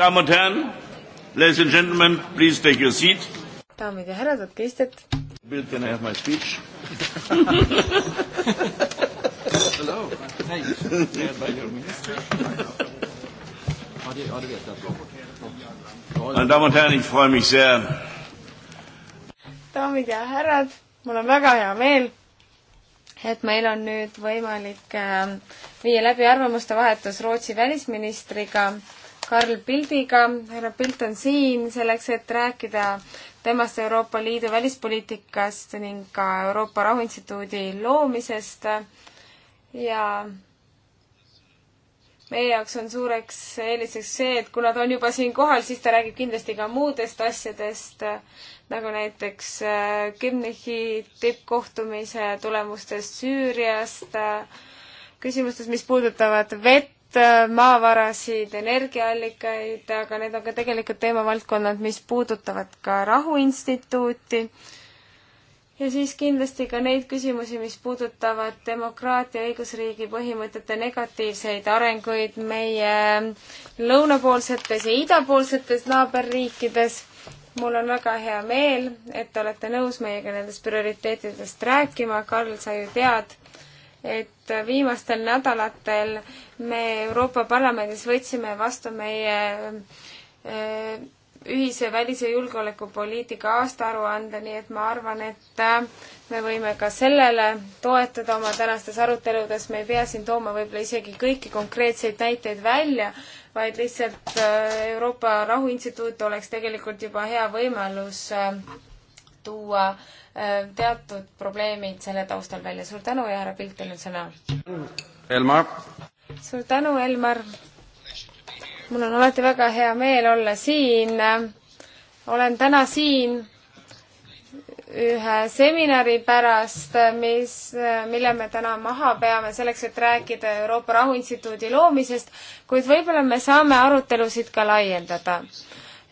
Damen und Herren, ladies and gentlemen, please take your seat. daamid ja härrad, võtke istet. Bill, can I have my speech Hello. Hej. Meine Damen und Herren, ich freue mich sehr. daamid ja härrad, mul on väga hea meel, et meil on nüüd võimalik äh, viia läbi arvamuste vahetus Rootsi välisministriga Karl Pildiga. härra Pilt on siin selleks, et rääkida temast Euroopa Liidu välispoliitikast ning ka Euroopa Rahuinstituudi loomisest ja meie jaoks on suureks eeliseks see, et kuna ta on juba siin kohal, siis ta räägib kindlasti ka muudest asjadest, nagu näiteks äh, Kimnichi tippkohtumise tulemustest Süüriast, äh, küsimustest, mis puudutavad vett, Äh, maavarasid, energiaallikaid, aga need on ka tegelikult teemavaldkonnad, mis puudutavad ka Rahuinstituuti. ja siis kindlasti ka neid küsimusi, mis puudutavad demokraatia, õigusriigi põhimõtete negatiivseid arenguid meie lõunapoolsetes ja idapoolsetes naaberriikides. mul on väga hea meel, et te olete nõus meiega nendest prioriteetidest rääkima. Karl, sa ju tead, et et viimastel nädalatel me Euroopa Parlamendis võtsime vastu meie eh, ühise välis- ja julgeolekupoliitika aastaaruande, nii et ma arvan, et äh, me võime ka sellele toetuda oma tänastes aruteludes, me ei pea siin tooma võib-olla isegi kõiki konkreetseid näiteid välja, vaid lihtsalt äh, Euroopa Rahu Instituut oleks tegelikult juba hea võimalus äh, tuua äh, teatud probleemid selle taustal välja. suur tänu ja härra Pilt, teil on sõna. Elmar. suur tänu, Elmar. mul on alati väga hea meel olla siin. olen täna siin ühe seminari pärast, mis, mille me täna maha peame selleks, et rääkida Euroopa Rahuinstituudi loomisest, kuid võib-olla me saame arutelusid ka laiendada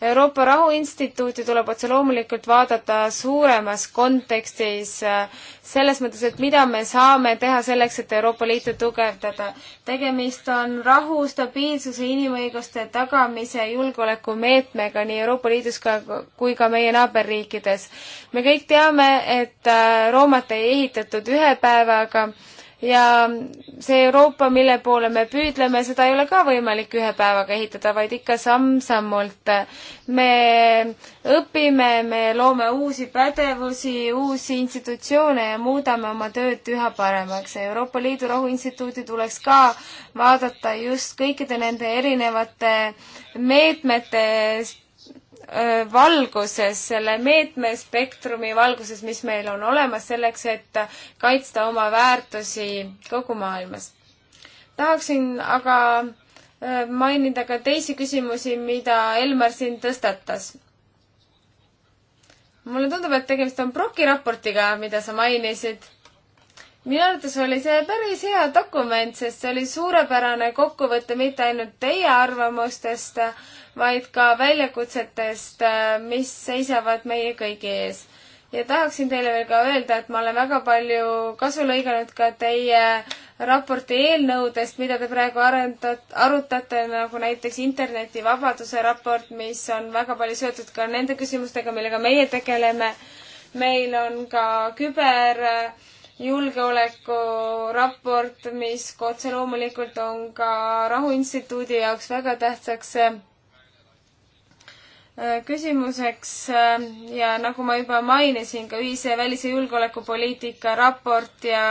Euroopa Rahuinstituuti tuleb otse loomulikult vaadata suuremas kontekstis, äh, selles mõttes, et mida me saame teha selleks, et Euroopa Liitu tugevdada. tegemist on rahu, stabiilsuse, inimõiguste tagamise julgeolekumeetmega nii Euroopa Liidus ka, kui ka meie naaberriikides. me kõik teame, et äh, Roomat ei ehitatud ühe päevaga ja see Euroopa, mille poole me püüdleme, seda ei ole ka võimalik ühe päevaga ehitada, vaid ikka samm-sammult. me õpime, me loome uusi pädevusi, uusi institutsioone ja muudame oma tööd üha paremaks. Euroopa Liidu Rahuinstituuti tuleks ka vaadata just kõikide nende erinevate meetmete valguses, selle meetmespektrumi valguses, mis meil on olemas selleks, et kaitsta oma väärtusi kogu maailmas. tahaksin aga mainida ka teisi küsimusi, mida Elmar siin tõstatas. mulle tundub, et tegemist on Broki raportiga, mida sa mainisid minu arvates oli see päris hea dokument, sest see oli suurepärane kokkuvõte mitte ainult teie arvamustest, vaid ka väljakutsetest, mis seisavad meie kõigi ees. ja tahaksin teile veel ka öelda, et ma olen väga palju kasu lõiganud ka teie raporti eelnõudest, mida te praegu arendat-, arutate, nagu näiteks internetivabaduse raport, mis on väga palju seotud ka nende küsimustega, millega meie tegeleme. meil on ka küber äh, julgeolekuraport, mis otse loomulikult on ka Rahuinstituudi jaoks väga tähtsaks äh, küsimuseks äh, ja nagu ma juba mainisin, ka ühise välis- ja julgeolekupoliitika raport ja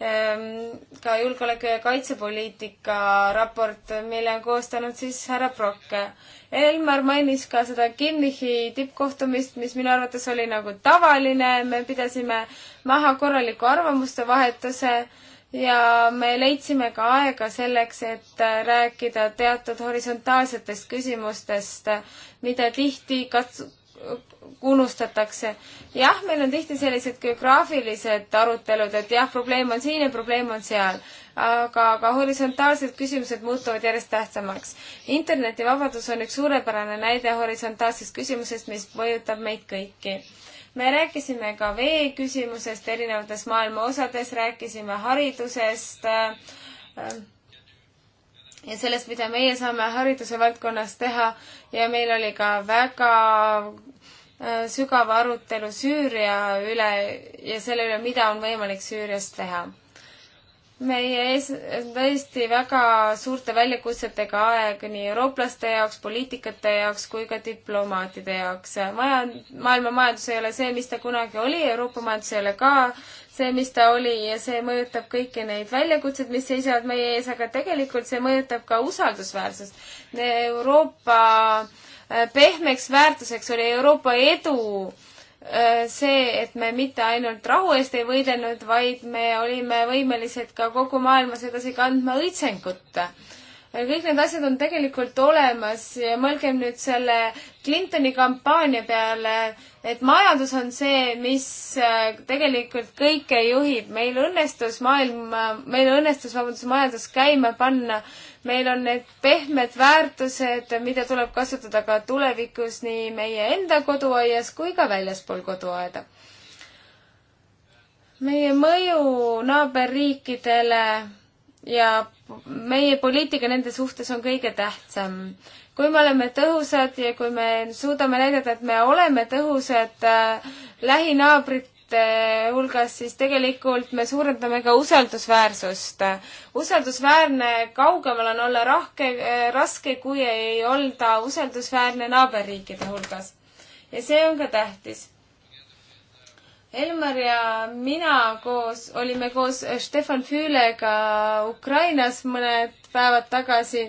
Ehm, ka julgeoleku ja kaitsepoliitika raport, mille on koostanud siis härra Brock. Elmar mainis ka seda Kinnichi tippkohtumist, mis minu arvates oli nagu tavaline, me pidasime maha korraliku arvamuste vahetuse ja me leidsime ka aega selleks, et rääkida teatud horisontaalsetest küsimustest, mida tihti kats-, unustatakse. jah, meil on tihti sellised geograafilised arutelud, et jah, probleem on siin ja probleem on seal, aga ka horisontaalsed küsimused muutuvad järjest tähtsamaks. internetivabadus on üks suurepärane näide horisontaalsest küsimusest, mis mõjutab meid kõiki. me rääkisime ka vee küsimusest erinevates maailma osades, rääkisime haridusest äh,, ja sellest, mida meie saame hariduse valdkonnas teha ja meil oli ka väga äh, sügav arutelu Süüria üle ja selle üle, mida on võimalik Süürias teha. meie ees on tõesti väga suurte väljakutsetega aeg nii eurooplaste jaoks, poliitikate jaoks kui ka diplomaatide jaoks. maja, maailma majandus ei ole see, mis ta kunagi oli, Euroopa majandus ei ole ka see, mis ta oli ja see mõjutab kõiki neid väljakutseid, mis seisavad meie ees, aga tegelikult see mõjutab ka usaldusväärsust. Euroopa äh, pehmeks väärtuseks oli Euroopa edu äh, see, et me mitte ainult rahu eest ei võidelnud, vaid me olime võimelised ka kogu maailmas edasi kandma õitsengut kõik need asjad on tegelikult olemas ja mõelgem nüüd selle Clintoni kampaania peale, et majandus on see, mis äh, tegelikult kõike juhib. meil õnnestus maailma, meil õnnestus, vabandust, majandus käima panna. meil on need pehmed väärtused, mida tuleb kasutada ka tulevikus nii meie enda koduaias kui ka väljaspool koduaeda. meie mõju naaberriikidele ja meie poliitika nende suhtes on kõige tähtsam. kui me oleme tõhusad ja kui me suudame näidata, et me oleme tõhusad äh, lähinaabrite hulgas, siis tegelikult me suurendame ka usaldusväärsust. usaldusväärne kaugemal on olla rahke äh,, raske, kui ei olda usaldusväärne naaberriikide hulgas. ja see on ka tähtis Elmar ja mina koos, olime koos Stefan Füülega Ukrainas mõned päevad tagasi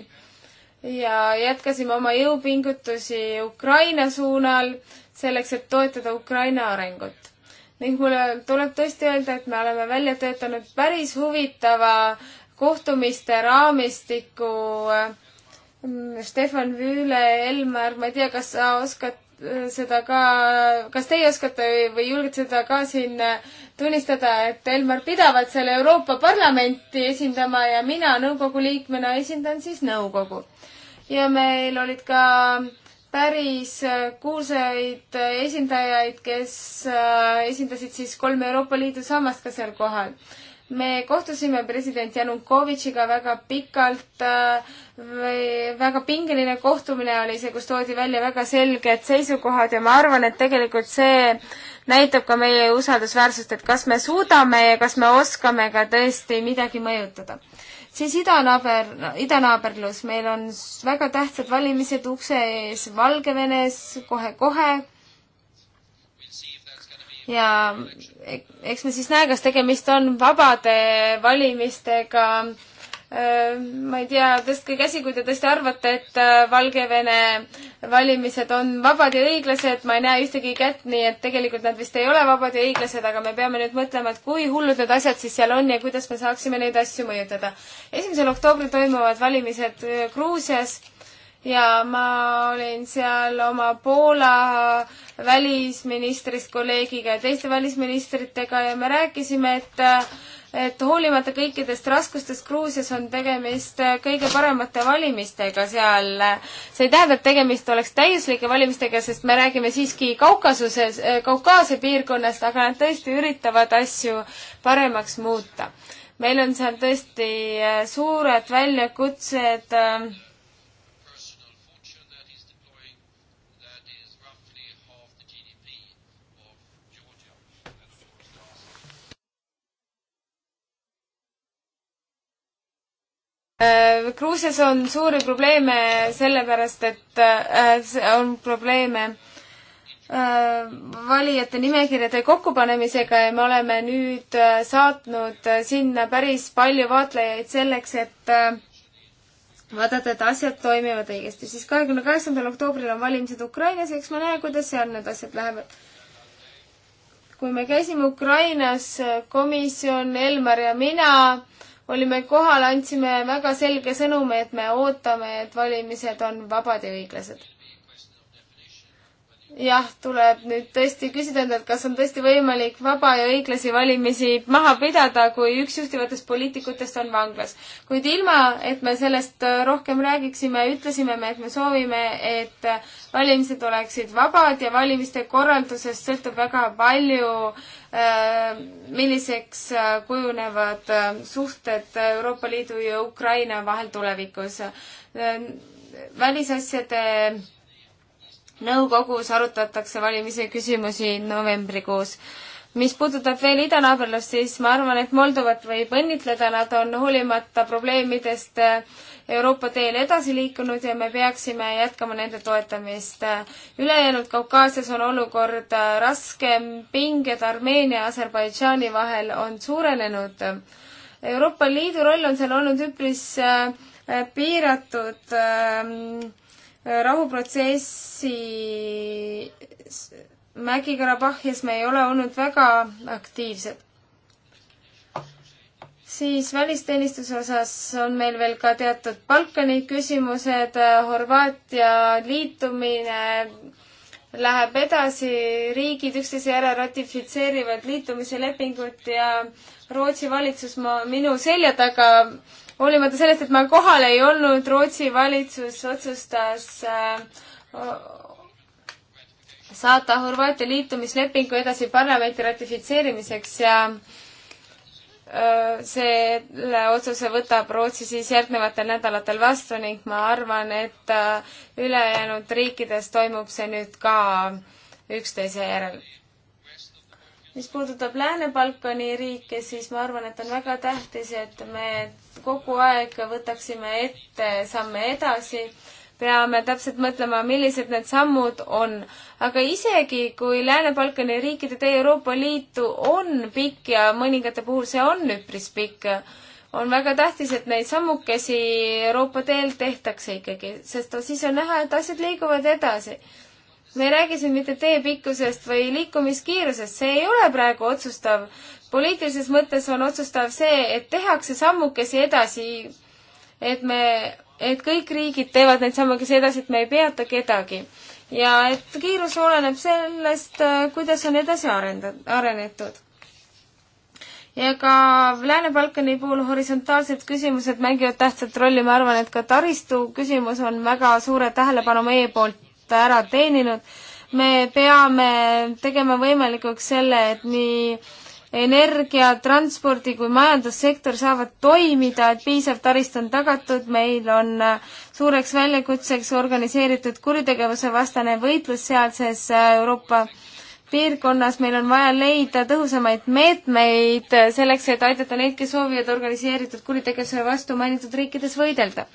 ja jätkasime oma jõupingutusi Ukraina suunal selleks, et toetada Ukraina arengut. ning mulle tuleb tõesti öelda, et me oleme välja töötanud päris huvitava kohtumiste raamistiku Stefan Füüle, Elmar, ma ei tea, kas sa oskad Äh, seda ka, kas teie oskate või julgete seda ka siin äh, tunnistada, et Elmar pidavat seal Euroopa Parlamenti esindama ja mina nõukogu liikmena esindan siis nõukogu. ja meil olid ka päris äh, kuulsaid esindajaid, kes esindasid siis kolme Euroopa Liidu sammast ka seal kohal me kohtusime president Janukovitšiga väga pikalt, äh, väga pingeline kohtumine oli see, kus toodi välja väga selged seisukohad ja ma arvan, et tegelikult see näitab ka meie usaldusväärsust, et kas me suudame ja kas me oskame ka tõesti midagi mõjutada. siis idanaaber, idanaaberlus, meil on väga tähtsad valimised ukse ees Valgevenes kohe-kohe ja eks me siis näe, kas tegemist on vabade valimistega. Äh, ma ei tea, tõstke käsi, kui te tõesti arvate, et äh, Valgevene valimised on vabad ja õiglased, ma ei näe ühtegi kätt, nii et tegelikult nad vist ei ole vabad ja õiglased, aga me peame nüüd mõtlema, et kui hullud need asjad siis seal on ja kuidas me saaksime neid asju mõjutada. esimesel oktoobril toimuvad valimised äh, Gruusias ja ma olin seal oma Poola välisministrist kolleegiga ja teiste välisministritega ja me rääkisime, et et hoolimata kõikidest raskustest Gruusias on tegemist kõige paremate valimistega seal. see ei tähenda, et tegemist oleks täiuslike valimistega, sest me räägime siiski Kaukasuses, Kaukaasia piirkonnast, aga nad tõesti üritavad asju paremaks muuta. meil on seal tõesti eh, suured väljakutsed äh, Äh, Gruusias on suuri probleeme sellepärast, et äh, on probleeme äh, valijate nimekirjade kokkupanemisega ja me oleme nüüd saatnud sinna päris palju vaatlejaid selleks, et vaadata, et asjad toimivad õigesti. siis kahekümne kaheksandal oktoobril on valimised Ukrainas ja eks me näe, kuidas seal need asjad lähevad. kui me käisime Ukrainas, komisjon, Elmar ja mina, olime kohal, andsime väga selge sõnumi, et me ootame, et valimised on vabad ja õiglased jah, tuleb nüüd tõesti küsida endalt, kas on tõesti võimalik vaba ja õiglasi valimisi maha pidada, kui üks juhtivatest poliitikutest on vanglas. kuid ilma, et me sellest äh, rohkem räägiksime, ütlesime me, et me soovime, et äh, valimised oleksid vabad ja valimiste korraldusest sõltub väga palju, äh, milliseks kujunevad suhted Euroopa Liidu ja Ukraina vahel tulevikus. välisasjade nõukogus arutatakse valimise küsimusi novembrikuus. mis puudutab veel idanaaberlust, siis ma arvan, et Moldovat võib õnnitleda, nad on hoolimata probleemidest Euroopa teel edasi liikunud ja me peaksime jätkama nende toetamist. ülejäänud Kaukaasias on olukord raskem, pinged Armeenia ja Aserbaidžaani vahel on suurenenud. Euroopa Liidu roll on seal olnud üpris äh, piiratud ähm, rahuprotsessi Mägi-Karabahhis me ei ole olnud väga aktiivsed. siis välisteenistuse osas on meil veel ka teatud Balkani küsimused, Horvaatia liitumine läheb edasi, riigid üksteise järel ratifitseerivad liitumise lepingut ja Rootsi valitsus ma, minu selja taga hoolimata sellest, et ma kohal ei olnud, Rootsi valitsus otsustas äh, saata Horvaatia liitumislepingu edasi parlamenti ratifitseerimiseks ja äh, selle otsuse võtab Rootsi siis järgnevatel nädalatel vastu ning ma arvan, et äh, ülejäänud riikides toimub see nüüd ka üksteise järel mis puudutab Lääne-Balkani riike, siis ma arvan, et on väga tähtis, et me kogu aeg võtaksime ette samme edasi, peame täpselt mõtlema, millised need sammud on. aga isegi, kui Lääne-Balkani riikide tee Euroopa Liitu on pikk ja mõningate puhul see on üpris pikk, on väga tähtis, et neid sammukesi Euroopa teel tehtakse ikkagi, sest siis on näha, et asjad liiguvad edasi me ei räägi siin mitte tee pikkusest või liikumiskiirusest, see ei ole praegu otsustav. poliitilises mõttes on otsustav see, et tehakse sammukesi edasi, et me, et kõik riigid teevad neid sammukesi edasi, et me ei peata kedagi. ja et kiirus oleneb sellest, äh, kuidas on edasi arendad, arenetud ja ka Lääne-Balkani puhul horisontaalsed küsimused mängivad tähtsat rolli, ma arvan, et ka taristu küsimus on väga suure tähelepanu meie poolt ära teeninud. me peame tegema võimalikuks selle, et nii energia, transpordi kui majandussektor saavad toimida, et piisav taristu on tagatud, meil on suureks väljakutseks organiseeritud kuritegevuse vastane võitlus sealses äh, Euroopa piirkonnas, meil on vaja leida tõhusamaid meetmeid selleks, et aidata neid, kes soovivad organiseeritud kuritegevuse vastu mainitud riikides võidelda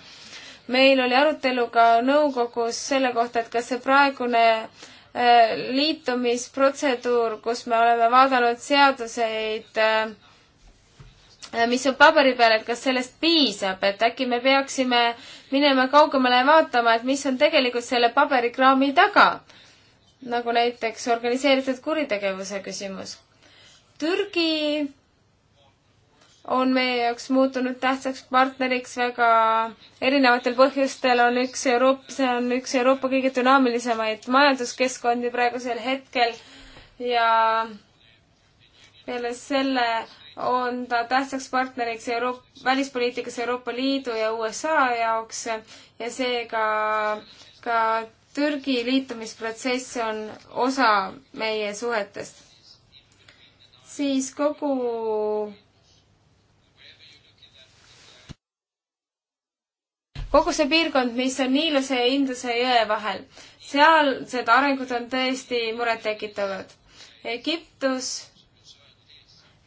meil oli arutelu ka nõukogus selle kohta, et kas see praegune äh, liitumisprotseduur, kus me oleme vaadanud seaduseid, äh, äh, mis on paberi peal, et kas sellest piisab, et äkki me peaksime minema kaugemale ja vaatama, et mis on tegelikult selle paberikraami taga. nagu näiteks organiseeritud kuritegevuse küsimus. Türgi on meie jaoks muutunud tähtsaks partneriks väga erinevatel põhjustel, on üks Euroopa, see on üks Euroopa kõige dünaamilisemaid majanduskeskkondi praegusel hetkel ja peale selle on ta tähtsaks partneriks Euroop-, välispoliitikas Euroopa Liidu ja USA jaoks ja seega ka Türgi liitumisprotsess on osa meie suhetest. siis kogu kogu see piirkond, mis on Niiluse ja Induse jõe vahel, sealsed arengud on tõesti murettekitavad. Egiptus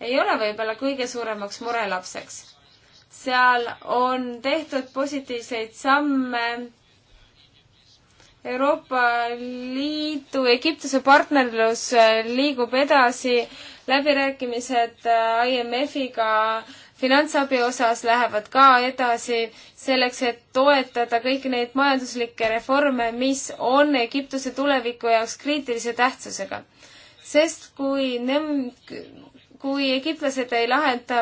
ei ole võib-olla kõige suuremaks murelapseks. seal on tehtud positiivseid samme Euroopa Liidu Egiptuse partnerlus eh, liigub edasi, läbirääkimised eh, IMF-iga finantsabi osas lähevad ka edasi selleks, et toetada kõiki neid majanduslikke reforme, mis on Egiptuse tuleviku jaoks kriitilise tähtsusega. sest kui nem-, kui egiptlased ei lahenda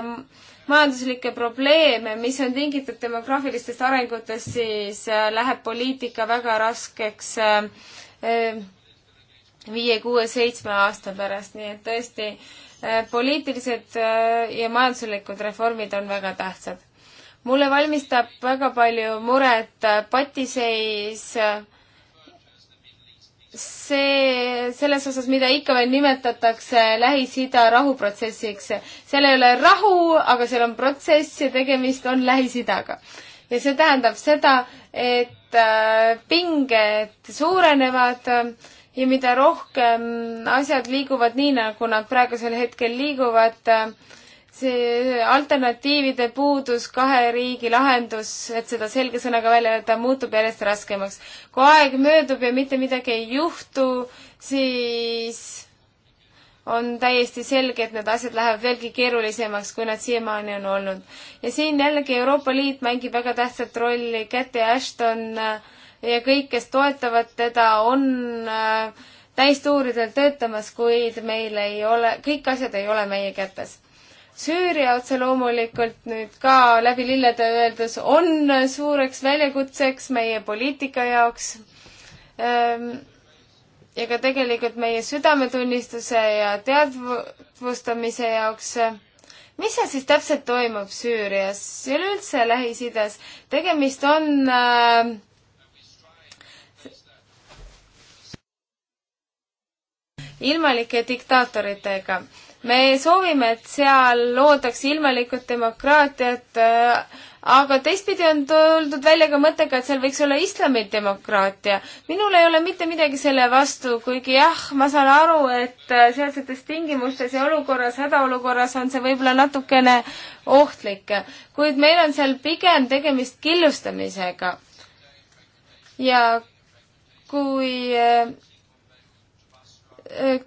majanduslikke probleeme, mis on tingitud demograafilistest arengutest, siis äh, läheb poliitika väga raskeks äh, äh, viie, kuue, seitsme aasta pärast, nii et tõesti äh, Äh, poliitilised äh, ja majanduslikud reformid on väga tähtsad. mulle valmistab väga palju muret äh, patiseis see, selles osas, mida ikka veel nimetatakse Lähis-Ida rahuprotsessiks. seal ei ole rahu, aga seal on protsess ja tegemist on Lähis-Idaga. ja see tähendab seda, et pinged suurenevad äh, ja mida rohkem asjad liiguvad nii, nagu nad praegusel hetkel liiguvad, see alternatiivide puudus, kahe riigi lahendus, et seda selge sõnaga välja öelda, muutub järjest raskemaks. kui aeg möödub ja mitte midagi ei juhtu, siis on täiesti selge, et need asjad lähevad veelgi keerulisemaks, kui nad siiamaani on olnud. ja siin jällegi Euroopa Liit mängib väga tähtsat rolli, Käte Ashton äh, ja kõik, kes toetavad teda, on äh, täistuuridel töötamas, kuid meil ei ole, kõik asjad ei ole meie kätes. Süüria otse loomulikult nüüd ka läbi lillede öeldes on suureks väljakutseks meie poliitika jaoks ähm, ja ka tegelikult meie südametunnistuse ja teadvustamise jaoks mis seal siis täpselt toimub Süürias ja üleüldse Lähis-Idas? tegemist on äh, ilmalike diktaatoritega. me soovime, et seal loodaks ilmalikud demokraatiat, äh, aga teistpidi on tuldud välja ka mõttega, et seal võiks olla islamidemokraatia. minul ei ole mitte midagi selle vastu, kuigi jah, ma saan aru, et äh, sealsetes tingimustes ja olukorras, hädaolukorras on see võib-olla natukene ohtlik, kuid meil on seal pigem tegemist killustamisega. ja kui äh,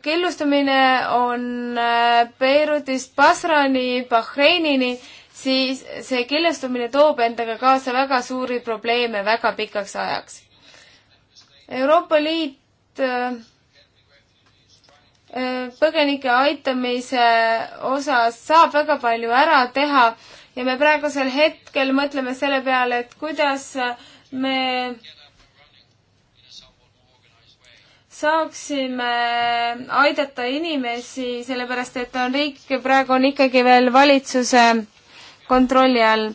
killustumine on äh, Beirutist Basrani, Bahreinini, siis see killustumine toob endaga kaasa väga suuri probleeme väga pikaks ajaks. Euroopa Liit äh, äh, põgenike aitamise osas saab väga palju ära teha ja me praegusel hetkel mõtleme selle peale, et kuidas me saaksime aidata inimesi, sellepärast et on riik praegu on ikkagi veel valitsuse kontrolli all,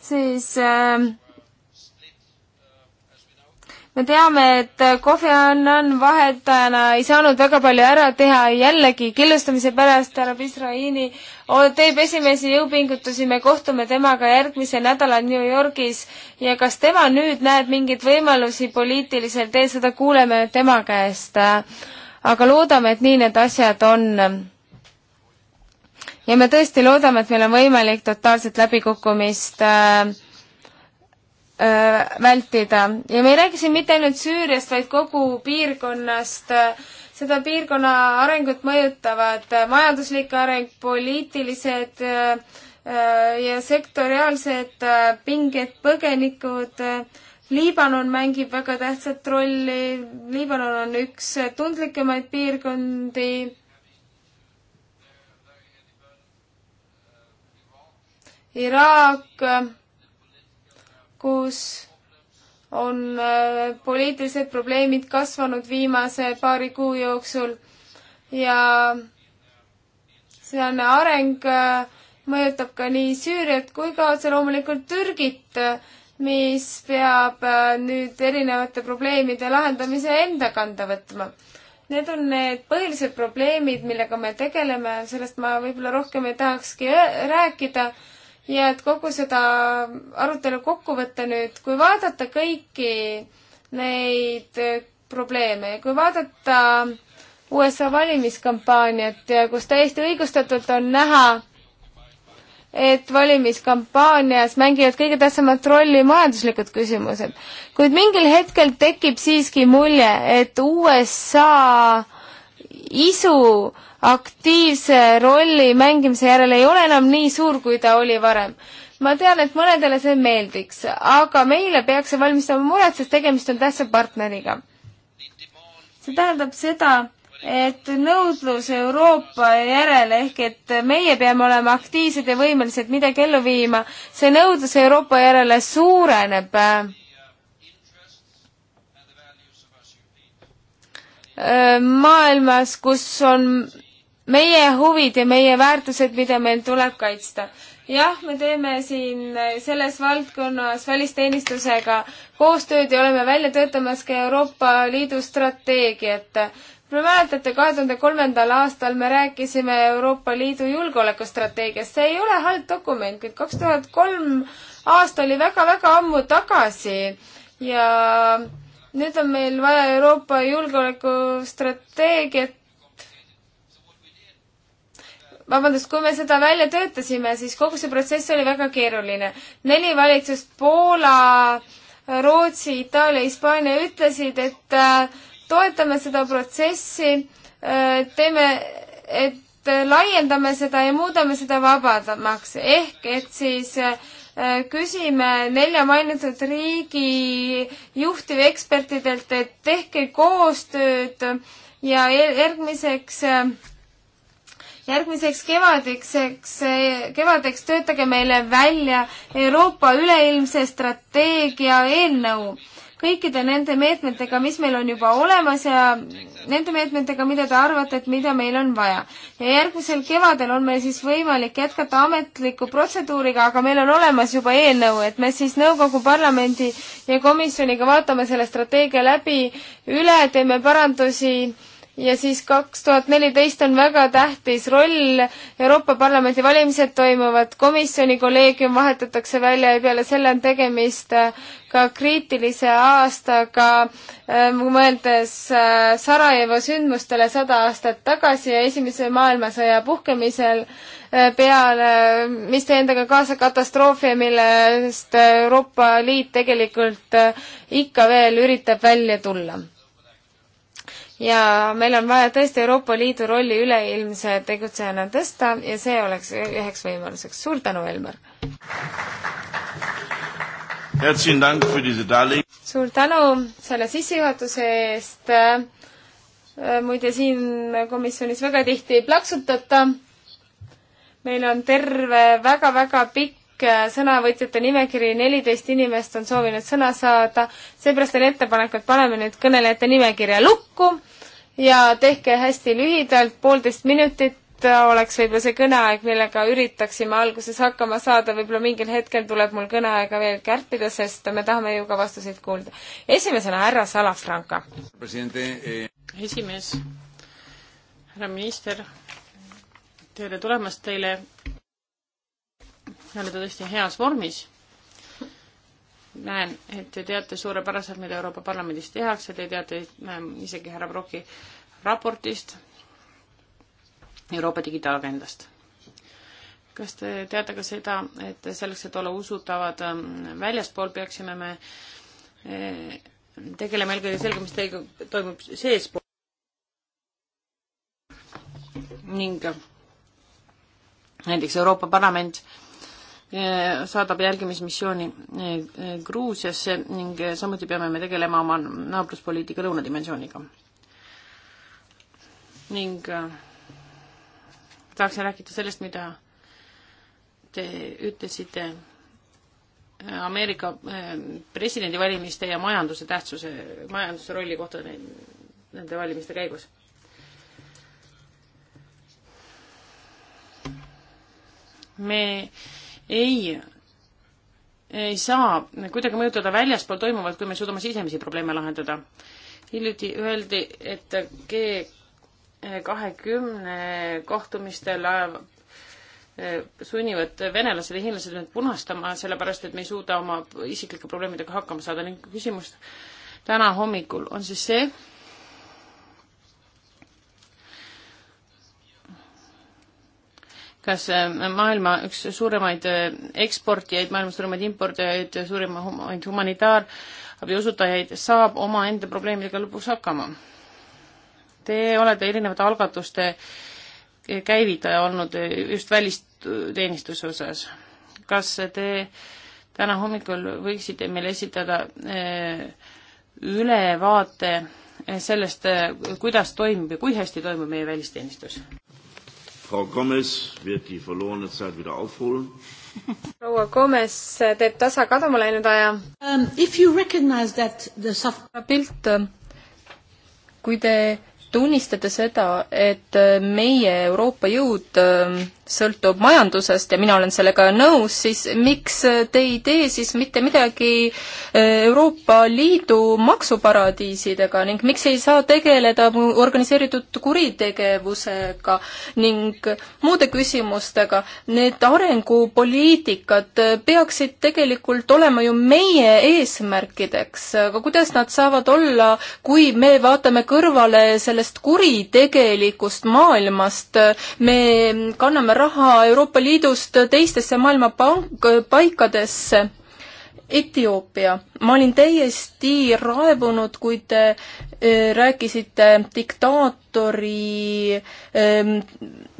siis äh, me teame, et Kofi Annan vahetajana ei saanud väga palju ära teha jällegi killustamise pärast, härra Pisraini teeb esimesi jõupingutusi, me kohtume temaga järgmisel nädalal New Yorgis ja kas tema nüüd näeb mingeid võimalusi poliitilisel teel, seda kuuleme tema käest. aga loodame, et nii need asjad on. ja me tõesti loodame, et meil on võimalik totaalset läbikukkumist äh, äh vältida ja me ei räägi siin mitte ainult Süüriast, vaid kogu piirkonnast äh,, seda piirkonna arengut mõjutavad majanduslik areng, poliitilised äh, äh, ja sektoriaalsed äh, pinged, põgenikud. Liibanon mängib väga tähtsat rolli, Liibanon on üks tundlikumaid piirkondi Iraak, kus on äh, poliitilised probleemid kasvanud viimase paari kuu jooksul ja sealne areng äh, mõjutab ka nii Süüriat kui ka otse loomulikult Türgit, mis peab äh, nüüd erinevate probleemide lahendamise enda kanda võtma. Need on need põhilised probleemid, millega me tegeleme, sellest ma võib-olla rohkem ei tahakski rääkida ja et kogu seda arutelu kokku võtta nüüd, kui vaadata kõiki neid äh, probleeme ja kui vaadata USA valimiskampaaniat ja kus täiesti õigustatult on näha, et valimiskampaanias mängivad kõige tähtsamat rolli majanduslikud küsimused. kuid mingil hetkel tekib siiski mulje, et USA isu aktiivse rolli mängimise järel ei ole enam nii suur, kui ta oli varem. ma tean, et mõnedele see meeldiks, aga meile peaks see valmistama muret, sest tegemist on tähtsa partneriga. see tähendab seda, et nõudlus Euroopa järele ehk et meie peame olema aktiivsed ja võimelised midagi ellu viima, see nõudlus Euroopa järele suureneb. Äh, maailmas, kus on meie huvid ja meie väärtused, mida meil tuleb kaitsta. jah, me teeme siin selles valdkonnas välisteenistusega koostööd ja oleme välja töötamas ka Euroopa Liidu strateegiat. kui mäletate, kahe tuhande kolmandal aastal me rääkisime Euroopa Liidu julgeolekustrateegiast, see ei ole halb dokument, kuid kaks tuhat kolm aasta oli väga-väga ammu tagasi ja nüüd on meil vaja Euroopa julgeolekustrateegiat vabandust, kui me seda välja töötasime, siis kogu see protsess oli väga keeruline. neli valitsust, Poola, Rootsi, Itaalia, Hispaania ütlesid, et äh, toetame seda protsessi, äh, teeme, et äh, laiendame seda ja muudame seda vabamaks, ehk et siis küsime nelja mainitud riigi juhtivekspertidelt, et tehke koostööd ja e-, järgmiseks er järgmiseks kevadeks, kevadeks töötage meile välja Euroopa üleilmse strateegia eelnõu kõikide nende meetmetega, mis meil on juba olemas ja nende meetmetega, mida te arvate, et mida meil on vaja. ja järgmisel kevadel on meil siis võimalik jätkata ametliku protseduuriga, aga meil on olemas juba eelnõu, et me siis nõukogu, parlamendi ja komisjoniga vaatame selle strateegia läbi üle, teeme parandusi ja siis kaks tuhat neliteist on väga tähtis roll, Euroopa Parlamendi valimised toimuvad, komisjoni kolleegium vahetatakse välja ja peale selle on tegemist äh, ka kriitilise aastaga, äh, mõeldes äh, Sarajevo sündmustele sada aastat tagasi ja Esimese maailmasõja puhkemisel peale, mis tõi endaga kaasa katastroofi, millest Euroopa Liit tegelikult ikka veel üritab välja tulla ja meil on vaja tõesti Euroopa Liidu rolli üleilmse tegutsejana tõsta ja see oleks üheks võimaluseks. suur tänu, Elmar! suur tänu selle sissejuhatuse eest. Äh, muide, siin komisjonis väga tihti ei plaksutata. meil on terve väga-väga pikk pikk äh, sõnavõtjate nimekiri, neliteist inimest on soovinud sõna saada, seepärast teen ettepaneku, et paneme nüüd kõnelejate nimekirja lukku ja tehke hästi lühidalt, poolteist minutit oleks võib-olla see kõneaeg, millega üritaksime alguses hakkama saada, võib-olla mingil hetkel tuleb mul kõneaega veel kärpida, sest me tahame ju ka vastuseid kuulda. esimesena härra Salafranca. Eh. esimees, härra minister, tere tulemast teile me oleme tõesti heas vormis. näen, et te teate suurepäraselt, mida Euroopa Parlamendis tehakse, te teate ähm, isegi härra Broki raportist Euroopa digitaalagendast. kas te teate ka seda, et selleks, et olla usutavad ähm, väljaspool, peaksime me äh, tegelema eelkõige sellega, mis teiega toimub seespool ning äh, näiteks Euroopa Parlament Eh, saadab jälgimismissiooni eh, Gruusiasse ning eh, samuti peame me tegelema oma naabruspoliitika lõunadimensiooniga. ning tahaksin rääkida sellest, mida te ütlesite Ameerika presidendivalimiste ja majanduse tähtsuse, majanduse rolli kohta nende valimiste käigus me ei, ei saa kuidagi mõjutada väljaspool toimuvat, kui me suudame sisemisi probleeme lahendada. hiljuti öeldi, et G kahekümne kohtumistel e, sunnivad venelased ja hiinlased nüüd punastama, sellepärast et me ei suuda oma isiklike probleemidega hakkama saada ning küsimus täna hommikul on siis see, kas äh, maailma üks suuremaid äh, eksportijaid, maailma suuremaid importijaid, suuremaid humanitaarabi osutajaid saab omaenda probleemidega lõpuks hakkama. Te olete erinevate algatuste äh, käivitaja olnud just välisteenistuse osas. kas te täna hommikul võiksite meile esitada ülevaate sellest, kuidas toimib ja kui hästi toimub meie välisteenistus? Frau Gomez wird die verlorene Zeit wieder aufholen. proua Gomez teeb tasa kaduma läinud aja um,. If you recognize that the soft pilt, kui te tunnistada seda, et äh, meie Euroopa jõud ähm, sõltub majandusest ja mina olen sellega nõus, siis miks äh, te ei tee siis mitte midagi äh, Euroopa Liidu maksuparadiisidega ning miks ei saa tegeleda organiseeritud kuritegevusega ning muude küsimustega? Need arengupoliitikad peaksid tegelikult olema ju meie eesmärkideks, aga kuidas nad saavad olla, kui me vaatame kõrvale selle sellest kuritegelikust maailmast. me kanname raha Euroopa Liidust teistesse maailma pank-, paikadesse. Etioopia, ma olin täiesti raevunud, kui te eh, rääkisite diktaatori, ehm,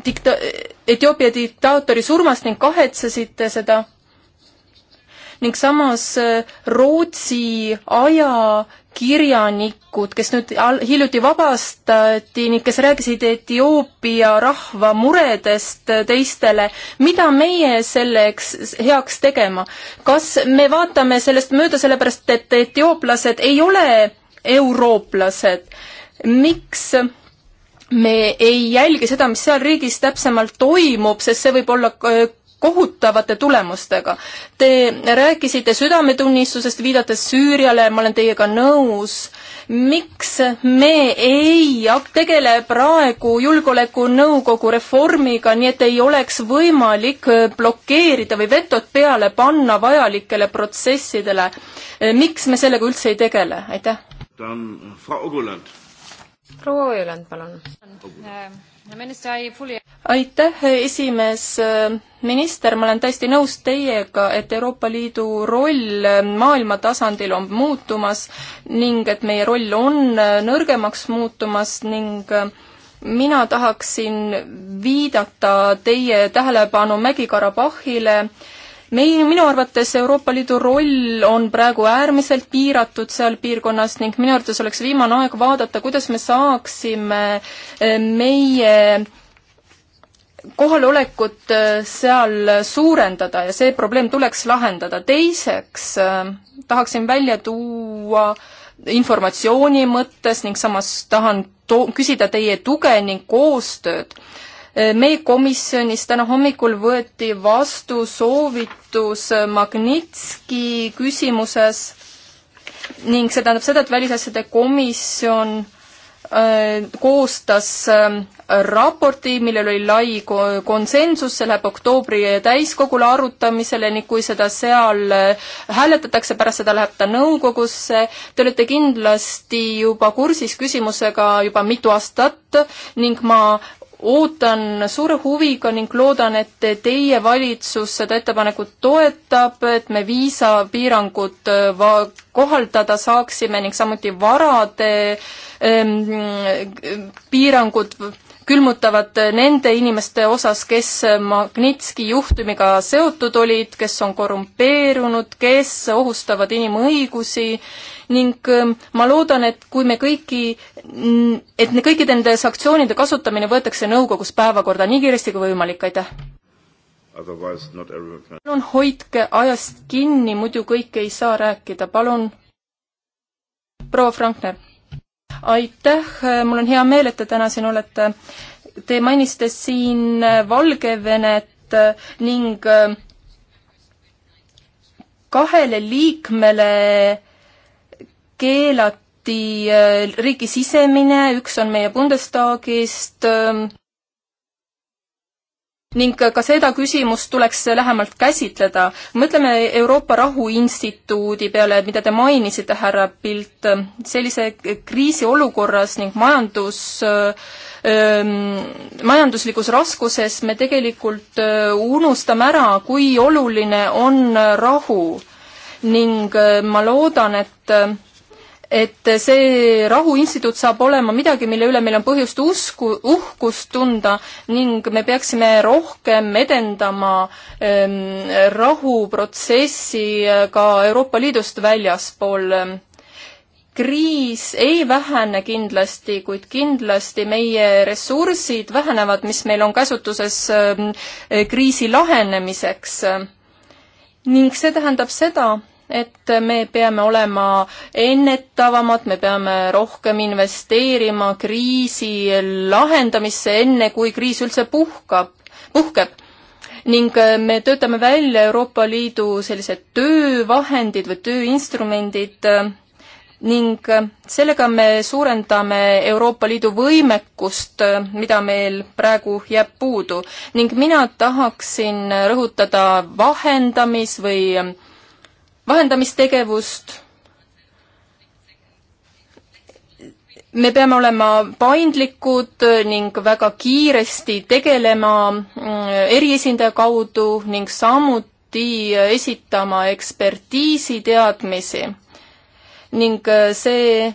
dikta-, Etioopia diktaatori surmast ning kahetsesite seda ning samas äh, Rootsi ajakirjanikud, kes nüüd hiljuti vabastati ning kes rääkisid Etioopia rahva muredest äh, teistele, mida meie selleks heaks tegema? kas me vaatame sellest mööda sellepärast, et etiooplased ei ole eurooplased? miks me ei jälgi seda, mis seal riigis täpsemalt toimub, sest see võib olla äh, kohutavate tulemustega. Te rääkisite südametunnistusest, viidates Süüriale, ma olen teiega nõus, miks me ei tegele praegu Julgeolekunõukogu reformiga, nii et ei oleks võimalik blokeerida või vetot peale panna vajalikele protsessidele. miks me sellega üldse ei tegele, aitäh? proua äh, Ojuland, palun. Äh, aitäh, esimees äh, minister, ma olen täiesti nõus teiega, et Euroopa Liidu roll äh, maailma tasandil on muutumas ning et meie roll on äh, nõrgemaks muutumas ning mina tahaksin viidata teie tähelepanu Mägi-Karabahhile, meie, minu arvates Euroopa Liidu roll on praegu äärmiselt piiratud seal piirkonnas ning minu arvates oleks viimane aeg vaadata, kuidas me saaksime eh, meie kohalolekut eh, seal suurendada ja see probleem tuleks lahendada. teiseks eh, tahaksin välja tuua informatsiooni mõttes ning samas tahan to-, küsida teie tuge ning koostööd Äh, meie komisjonis täna hommikul võeti vastu soovitus äh, Magnitski küsimuses ning see tähendab seda, et Välisasjade Komisjon äh, koostas ähm, raporti, millel oli lai konsensus, see läheb oktoobri täiskogule arutamisele ning kui seda seal hääletatakse, pärast seda läheb ta nõukogusse. Te olete kindlasti juba kursis küsimusega juba mitu aastat ning ma ootan suure huviga ning loodan, et teie valitsus seda ettepanekut toetab, et me viisapiirangud äh, kohaldada saaksime ning samuti varade ähm, äh, piirangud külmutavad nende inimeste osas, kes Magnitski juhtumiga seotud olid, kes on korrumpeerunud, kes ohustavad inimõigusi ning ähm, ma loodan, et kui me kõiki, et kõikide nende sanktsioonide kasutamine võetakse nõukogus päevakorda nii kiiresti kui võimalik, aitäh! palun hoidke ajast kinni, muidu kõike ei saa rääkida, palun. proua Frankner. aitäh, mul on hea meel, et te täna siin olete. Te mainisite siin äh, Valgevenet äh, ning äh, kahele liikmele keelati äh, riigi sisemine, üks on meie Bundestagist, ähm, ning ka seda küsimust tuleks lähemalt käsitleda. mõtleme Euroopa Rahuinstituudi peale, mida te mainisite, härra Pilt, ähm, sellise kriisiolukorras ning majandus ähm, majanduslikus raskuses me tegelikult äh, unustame ära, kui oluline on rahu. ning äh, ma loodan, et et see rahuinstituut saab olema midagi, mille üle meil on põhjust usku, uhkust tunda ning me peaksime rohkem edendama ähm, rahuprotsessi eh, ka Euroopa Liidust väljaspool. kriis ei vähene kindlasti, kuid kindlasti meie ressursid vähenevad, mis meil on käsutuses ähm, kriisi lahenemiseks ning see tähendab seda, et me peame olema ennetavamad, me peame rohkem investeerima kriisi lahendamisse, enne kui kriis üldse puhkab, puhkeb ning äh, me töötame välja Euroopa Liidu sellised töövahendid või tööinstrumendid äh, ning äh, sellega me suurendame Euroopa Liidu võimekust, mida meil praegu jääb puudu. ning mina tahaksin rõhutada vahendamis- või vahendamistegevust, me peame olema paindlikud ning väga kiiresti tegelema mm, eriesindaja kaudu ning samuti esitama ekspertiisiteadmisi ning äh, see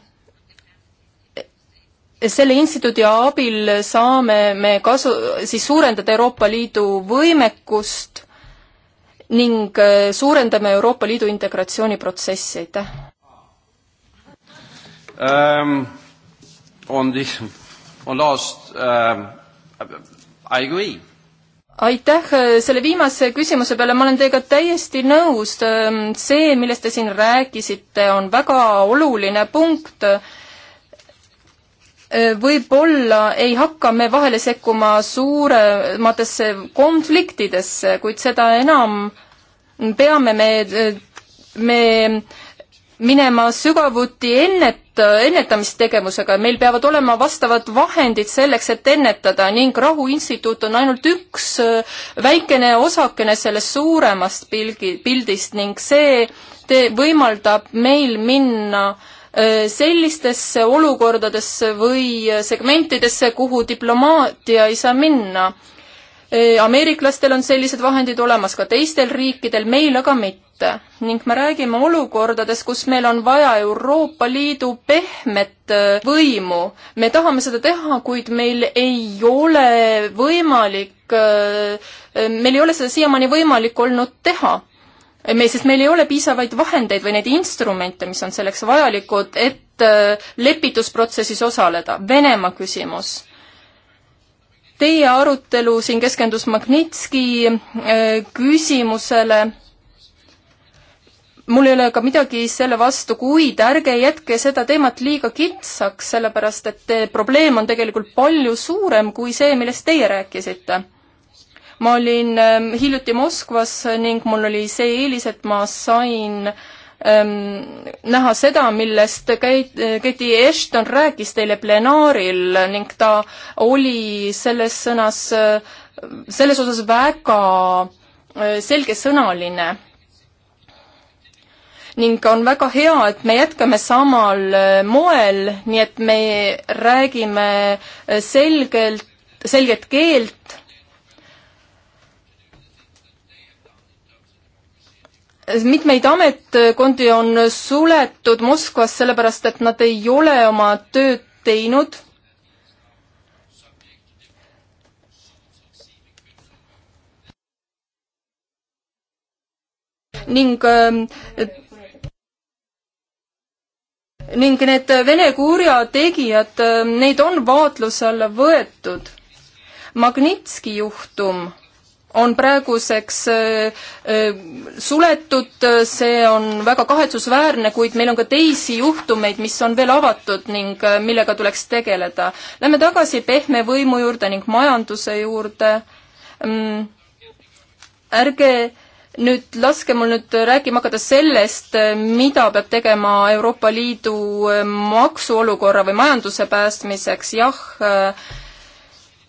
selle instituudi abil saame me kasu, siis suurendada Euroopa Liidu võimekust ning äh, suurendame Euroopa Liidu integratsiooniprotsessi, aitäh um,! On this, on last um,, ähm, I agree aitäh äh, selle viimase küsimuse peale, ma olen teiega täiesti nõus. Ähm, see, millest te siin rääkisite, on väga oluline punkt Äh, võib-olla ei hakka me vahele sekkuma suurematesse konfliktidesse, kuid seda enam peame me, me minema sügavuti ennet-, ennetamistegevusega ja meil peavad olema vastavad vahendid selleks, et ennetada ning Rahu Instituut on ainult üks äh, väikene osakene sellest suuremast pilgi, pildist ning see te-, võimaldab meil minna äh, sellistesse olukordadesse või segmentidesse, kuhu diplomaatia ei saa minna. ameeriklastel on sellised vahendid olemas ka teistel riikidel, meil aga mitte. ning me räägime olukordades, kus meil on vaja Euroopa Liidu pehmet võimu. me tahame seda teha, kuid meil ei ole võimalik, meil ei ole seda siiamaani võimalik olnud teha me, sest meil ei ole piisavaid vahendeid või neid instrumente, mis on selleks vajalikud, et äh, lepitusprotsessis osaleda. Venemaa küsimus. Teie arutelu siin keskendus Magnitski äh, küsimusele. mul ei ole ka midagi selle vastu, kuid ärge jätke seda teemat liiga kitsaks, sellepärast et äh, probleem on tegelikult palju suurem kui see, millest teie rääkisite ma olin ähm, hiljuti Moskvas ning mul oli see eelis, et ma sain ähm, näha seda, millest Kati Ashton rääkis teile plenaaril ning ta oli selles sõnas, selles osas väga äh, selgesõnaline. ning on väga hea, et me jätkame samal äh, moel, nii et me räägime äh, selgelt, selget keelt mitmeid ametkondi on suletud Moskvas sellepärast, et nad ei ole oma tööd teinud. ning ähm, ning need Vene kurjategijad, ähm, neid on vaatluse alla võetud. Magnitski juhtum on praeguseks äh, äh, suletud, äh, see on väga kahetsusväärne, kuid meil on ka teisi juhtumeid, mis on veel avatud ning millega tuleks tegeleda. Lähme tagasi pehme võimu juurde ning majanduse juurde. Mm, ärge nüüd laske mul nüüd rääkima hakata sellest, mida peab tegema Euroopa Liidu maksuolukorra või majanduse päästmiseks, jah,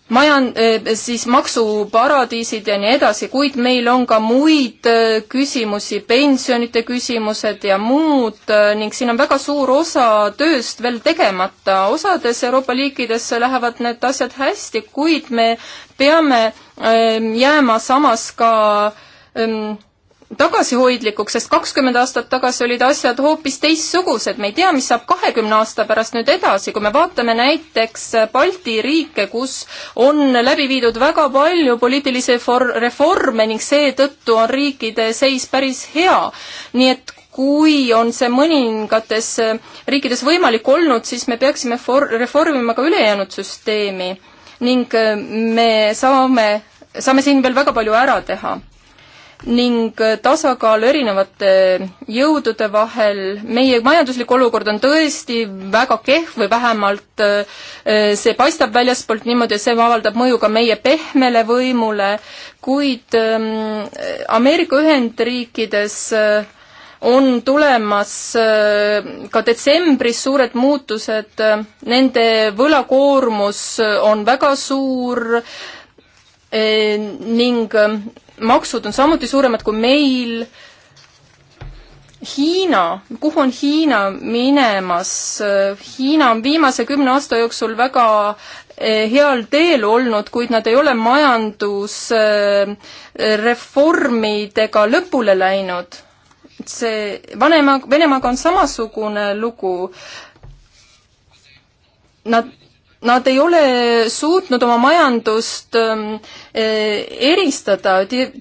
majan-, eh, siis maksuparadiisid ja nii edasi, kuid meil on ka muid eh, küsimusi, pensionite küsimused ja muud eh, ning siin on väga suur osa tööst veel tegemata. osades Euroopa riikides lähevad need asjad hästi, kuid me peame jääma samas ka ähm, tagasihoidlikuks, sest kakskümmend aastat tagasi olid asjad hoopis teistsugused, me ei tea, mis saab kahekümne aasta pärast nüüd edasi, kui me vaatame näiteks Balti riike, kus on läbi viidud väga palju poliitilisi reforme ning seetõttu on riikide seis päris hea. nii et kui on see mõningates riikides võimalik olnud, siis me peaksime for-, reformima ka ülejäänud süsteemi ning me saame, saame siin veel väga palju ära teha ning tasakaal erinevate jõudude vahel, meie majanduslik olukord on tõesti väga kehv või vähemalt eh, see paistab väljaspoolt niimoodi, see avaldab mõju ka meie pehmele võimule, kuid eh, Ameerika Ühendriikides eh, on tulemas ka detsembris suured muutused, nende võlakoormus on väga suur ning maksud on samuti suuremad kui meil. Hiina, kuhu on Hiina minemas? Hiina on viimase kümne aasta jooksul väga eh, heal teel olnud, kuid nad ei ole majandusreformidega eh, lõpule läinud. see Vanema, Venemaaga on samasugune lugu. Nad nad ei ole suutnud oma majandust ähm, eh, eristada,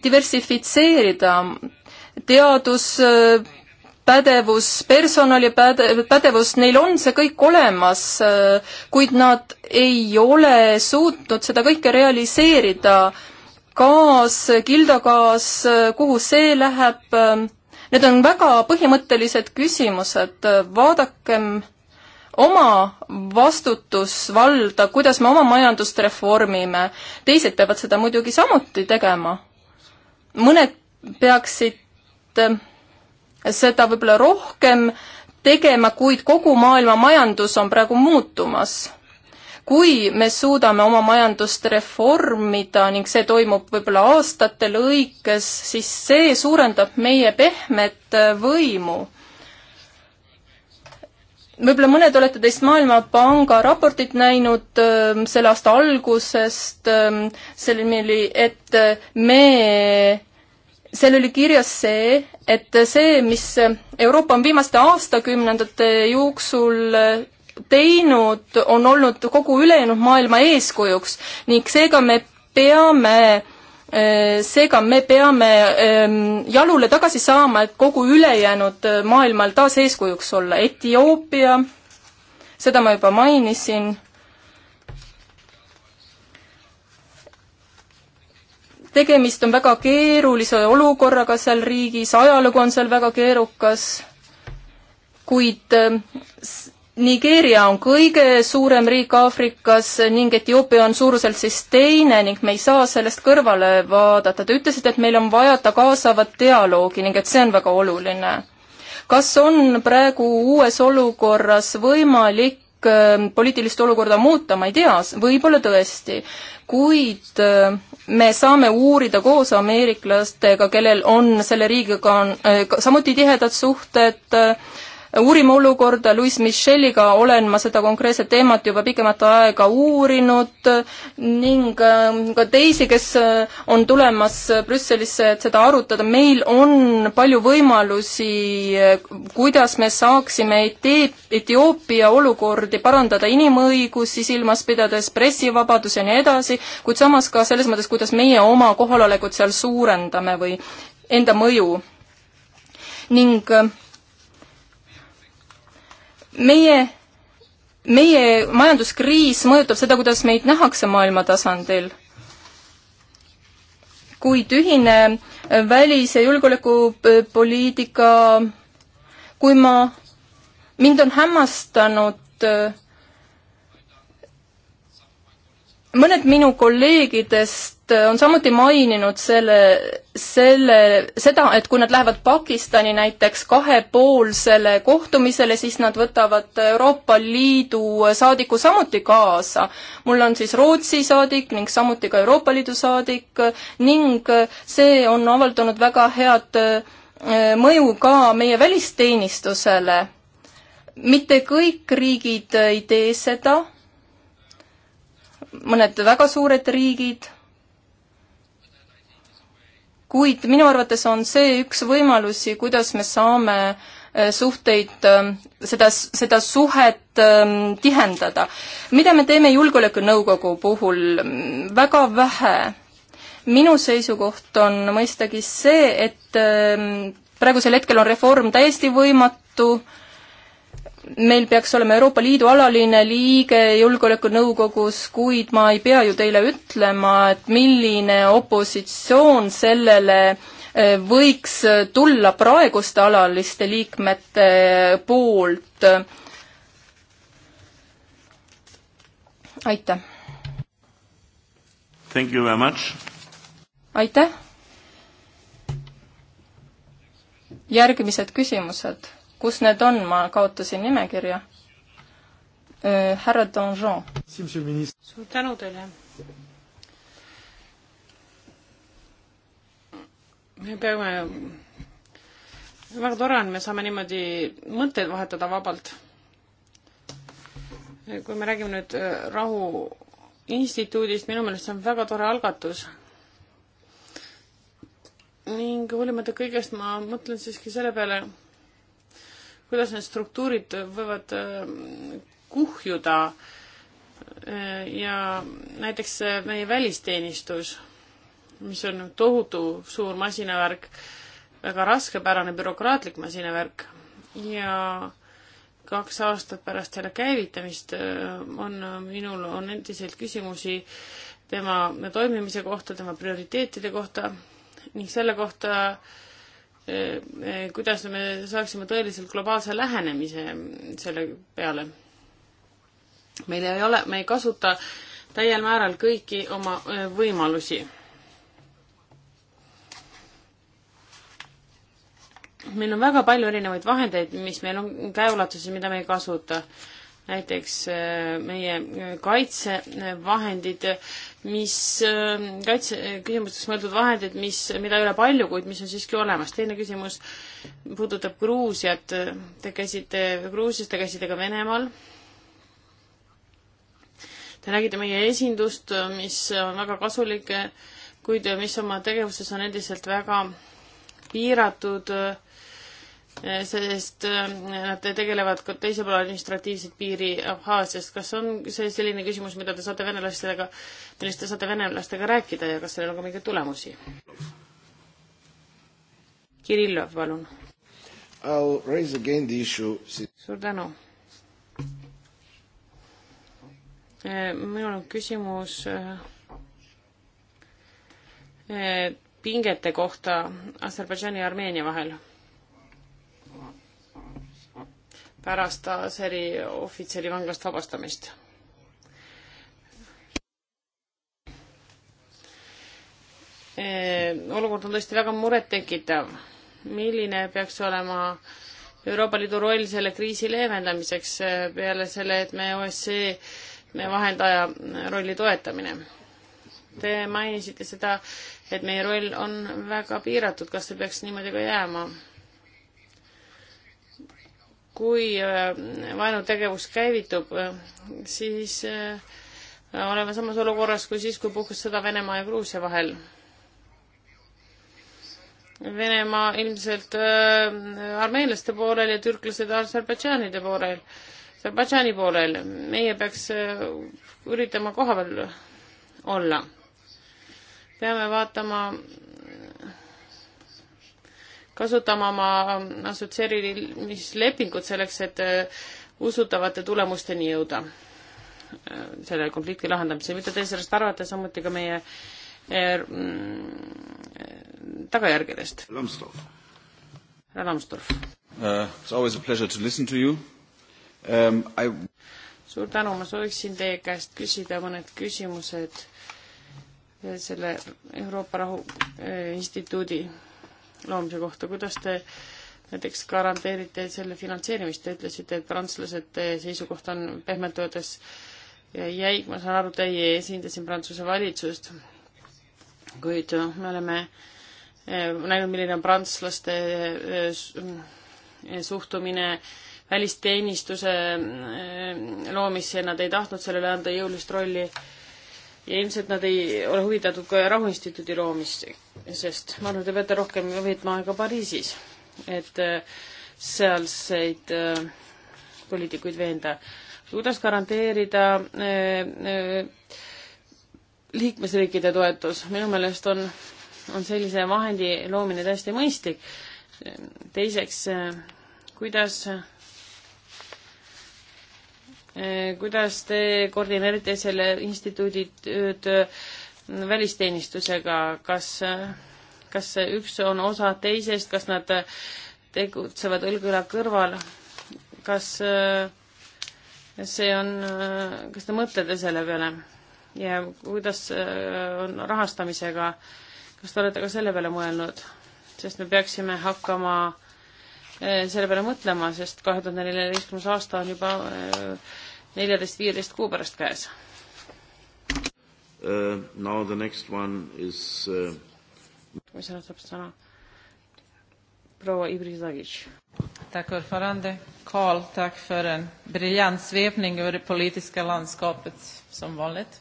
diversifitseerida. teaduspädevus, äh, personalipäde-, pädevus, neil on see kõik olemas, äh, kuid nad ei ole suutnud seda kõike realiseerida. gaas, kildagaas, äh, kuhu see läheb, ähm, need on väga põhimõttelised küsimused, vaadakem oma vastutusvalda, kuidas me oma majandust reformime. teised peavad seda muidugi samuti tegema. mõned peaksid äh, seda võib-olla rohkem tegema, kuid kogu maailma majandus on praegu muutumas. kui me suudame oma majandust reformida ning see toimub võib-olla aastate lõikes, siis see suurendab meie pehmet äh, võimu võib-olla mõned olete teist Maailmapanga raportit näinud äh, selle aasta algusest äh,, selline oli, et äh, me, seal oli kirjas see, et see, mis Euroopa on viimaste aastakümnendate jooksul äh, teinud, on olnud kogu ülejäänud maailma eeskujuks ning seega me peame Äh, seega me peame ähm, jalule tagasi saama, et kogu ülejäänud äh, maailmal taas eeskujuks olla. Etioopia, seda ma juba mainisin, tegemist on väga keerulise olukorraga seal riigis, ajalugu on seal väga keerukas, kuid ähm, Nigeeria on kõige suurem riik Aafrikas ning Etioopia on suuruselt siis teine ning me ei saa sellest kõrvale vaadata. Te ütlesite, et meil on vajata kaasavat dialoogi ning et see on väga oluline. kas on praegu uues olukorras võimalik ähm, poliitilist olukorda muuta, ma ei tea, võib-olla tõesti, kuid äh, me saame uurida koos ameeriklastega, kellel on selle riigiga on äh, samuti tihedad suhted, äh, uurime olukorda, Louis Micheliga olen ma seda konkreetset teemat juba pikemat aega uurinud ning ähm, ka teisi, kes äh, on tulemas äh, Brüsselisse, et seda arutada, meil on palju võimalusi, äh, kuidas me saaksime Etioopia olukordi parandada inimõigusi silmas pidades, pressivabadus ja nii edasi, kuid samas ka selles mõttes, kuidas meie oma kohalolekut seal suurendame või enda mõju. ning meie, meie majanduskriis mõjutab seda, kuidas meid nähakse maailma tasandil. kuid ühine välis- ja julgeolekupoliitika, kui ma, mind on hämmastanud mõned minu kolleegidest on samuti maininud selle, selle, seda, et kui nad lähevad Pakistani näiteks kahepoolsele kohtumisele, siis nad võtavad Euroopa Liidu saadiku samuti kaasa. mul on siis Rootsi saadik ning samuti ka Euroopa Liidu saadik ning see on avaldanud väga head eh, mõju ka meie välisteenistusele. mitte kõik riigid ei tee seda mõned väga suured riigid, kuid minu arvates on see üks võimalusi, kuidas me saame äh, suhteid, ähm, seda, seda suhet ähm, tihendada. mida me teeme Julgeolekunõukogu puhul? väga vähe. minu seisukoht on mõistagi see, et ähm, praegusel hetkel on reform täiesti võimatu, meil peaks olema Euroopa Liidu alaline liige Julgeolekunõukogus, kuid ma ei pea ju teile ütlema, et milline opositsioon sellele eh, võiks tulla praeguste alaliste liikmete eh, poolt. aitäh! Thank you very much! aitäh! järgmised küsimused kus need on, ma kaotasin nimekirja. Äh, härra Donjon. suur tänu teile. me peame, väga tore on, me saame niimoodi mõtteid vahetada vabalt. kui me räägime nüüd äh, rahu instituudist, minu meelest see on väga tore algatus. ning hoolimata kõigest ma mõtlen siiski selle peale, kuidas need struktuurid võivad ähm, kuhjuda äh, ja näiteks meie välisteenistus, mis on tohutu suur masinavärk, väga raskepärane bürokraatlik masinavärk ja kaks aastat pärast selle käivitamist äh, on minul, on endiselt küsimusi tema toimimise kohta, tema prioriteetide kohta ning selle kohta, Äh, äh, kuidas me saaksime tõeliselt globaalse lähenemise selle peale. meil ei ole, me ei kasuta täiel määral kõiki oma äh, võimalusi. meil on väga palju erinevaid vahendeid, mis meil on käeulatuses, mida me ei kasuta näiteks äh, meie kaitsevahendid, mis, äh, kaitse, küsimusteks mõeldud vahendid, mis, mida ei ole palju, kuid mis on siiski olemas. teine küsimus puudutab Gruusiat. Te käisite Gruusias, te käisite ka Venemaal. Te nägite meie esindust, mis on väga kasulik, kuid mis oma tegevuses on endiselt väga piiratud Eh, sest nad eh, tegelevad ka teise poole administratiivset piiri Abhaasiast. kas on see selline küsimus, mida te saate venelastega, millest te saate venelastega rääkida ja kas sellel on ka mingeid tulemusi? Kirillov, palun. suur tänu. Eh, minul on küsimus pingete kohta Aserbaidžaani ja Armeenia vahel pärast Aseri ohvitseri vanglast vabastamist. Eh, olukord on tõesti väga murettekitav. milline peaks olema Euroopa Liidu roll selle kriisi leevendamiseks eh, peale selle, et me OSCE vahendaja eh, rolli toetamine? Te mainisite seda, et meie roll on väga piiratud, kas see peaks niimoodi ka jääma? kui äh, vaenutegevus käivitub, äh, siis äh, oleme samas olukorras kui siis, kui puhkes sõda Venemaa ja Gruusia vahel. Venemaa ilmselt armeenlaste poolel ja türklased Aserbaidžaanide poolel, Aserbaidžaani poolel. meie peaks üritama kohapeal olla. peame vaatama kasutama oma assotsieerimislepingut selleks, et äh, usutavate tulemusteni jõuda äh, selle konflikti lahendamisel. mida te sellest arvate, samuti ka meie äh, mm, tagajärgedest? härra Lambsdorff. It's always a pleasure to listen to you um,. I... suur tänu, ma sooviksin teie käest küsida mõned küsimused selle Euroopa Rahu Instituudi loomise kohta, kuidas te näiteks garanteerite selle finantseerimist, te ütlesite, et prantslased, eh, seisukoht on pehmelt öeldes jäik, ma saan aru, teie esindasin Prantsuse valitsust, kuid me oleme eh, näinud, milline on prantslaste eh, mm, suhtumine välisteenistuse mm, loomisse, nad ei tahtnud sellele anda jõulist rolli ja ilmselt nad ei ole huvitatud ka Rahuinstituudi loomist, sest ma arvan, te peate rohkem veetma aega Pariisis, et äh, sealseid äh, poliitikuid veenda. kuidas garanteerida äh, liikmesriikide toetus, minu meelest on, on sellise vahendi loomine täiesti mõistlik. teiseks, kuidas Eh, kuidas te koordineerite selle instituudi tööd mm, välisteenistusega, kas, eh, kas üks on osa teisest, kas nad eh, tegutsevad õlg õla kõrval, kas see on, kas te mõtlete selle peale ja kuidas on rahastamisega, kas te olete ka selle peale mõelnud, sest me peaksime hakkama selle peale mõtlema, sest kahe tuhande neljateistkümnes aasta on juba äh, neljateist, viieteist kuu pärast käes uh,. Now the next one is uh.... mis on täpselt sõna? proua Ibris Lagic. Tack ordförande. Carl, tack för en briljant svepning över det politiska landskapet som vanligt.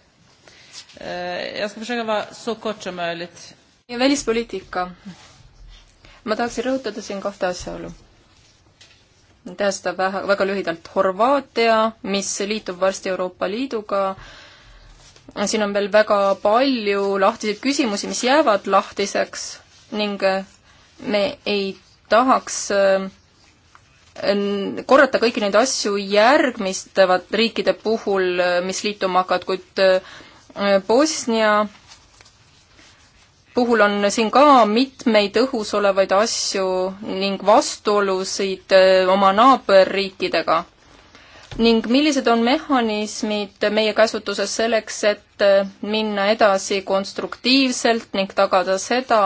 Uh, jag ska försöka vara så kort som möjligt. ja välispoliitika. ma tahaksin rõhutada siin kahte asjaolu tähestab väga, väga lühidalt Horvaatia, mis liitub varsti Euroopa Liiduga, siin on veel väga palju lahtiseid küsimusi, mis jäävad lahtiseks ning eh, me ei tahaks eh, korrata kõiki neid asju järgmistavad riikide puhul, eh, mis liituma hakkavad, kuid Bosnia puhul on siin ka mitmeid õhus olevaid asju ning vastuolusid äh, oma naaberriikidega. ning millised on mehhanismid meie käsutuses selleks, et äh, minna edasi konstruktiivselt ning tagada seda,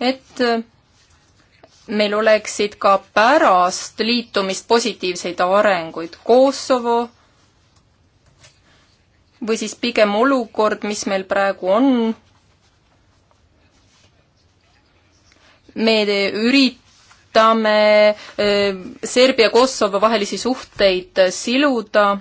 et äh, meil oleksid ka pärast liitumist positiivseid arenguid. Kosovo või siis pigem olukord, mis meil praegu on, me üritame Serbia-Kosovo vahelisi suhteid siluda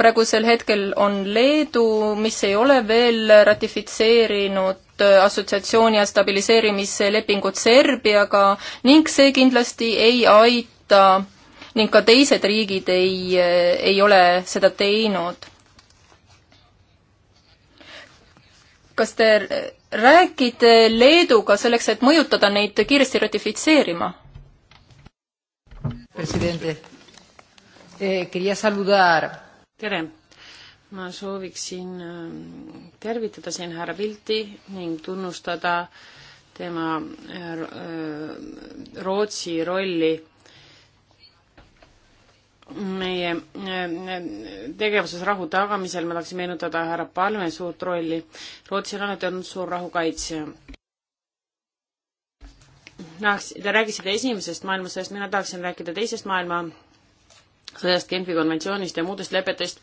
praegusel hetkel on Leedu, mis ei ole veel ratifitseerinud assotsiatsiooni ja stabiliseerimise lepingut Serbiaga ning see kindlasti ei aita ning ka teised riigid ei, ei ole seda teinud. kas te rääkida Leeduga selleks, et mõjutada neid kiiresti ratifitseerima? president eh,, quería saludar. tere, ma sooviksin ähm, tervitada siin härra Pilti ning tunnustada tema äh, äh, Rootsi rolli meie äh, tegevuses rahu tagamisel ma tahaksin meenutada härra Palme suurt rolli. Rootsi on alati olnud suur rahukaitsja. Te rääkisite esimesest maailmasõjast, mina tahaksin rääkida teisest maailmasõjast, Genfi konventsioonist ja muudest lepetest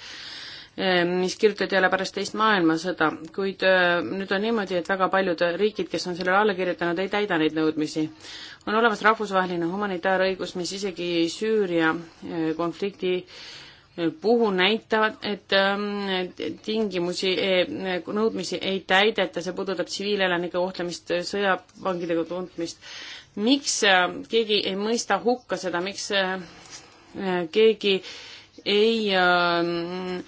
Eh, mis kirjutati jälle pärast teist maailmasõda, kuid eh, nüüd on niimoodi, et väga paljud riigid, kes on sellele alla kirjutanud, ei täida neid nõudmisi. on olemas rahvusvaheline humanitaarõigus, mis isegi Süüria eh, konflikti puhul näitavad, et tingimusi, nõudmisi ei täideta, see puudutab tsiviilelanike kohtlemist, sõjavangidega tundmist. miks keegi ei mõista hukka seda, miks keegi ei äh,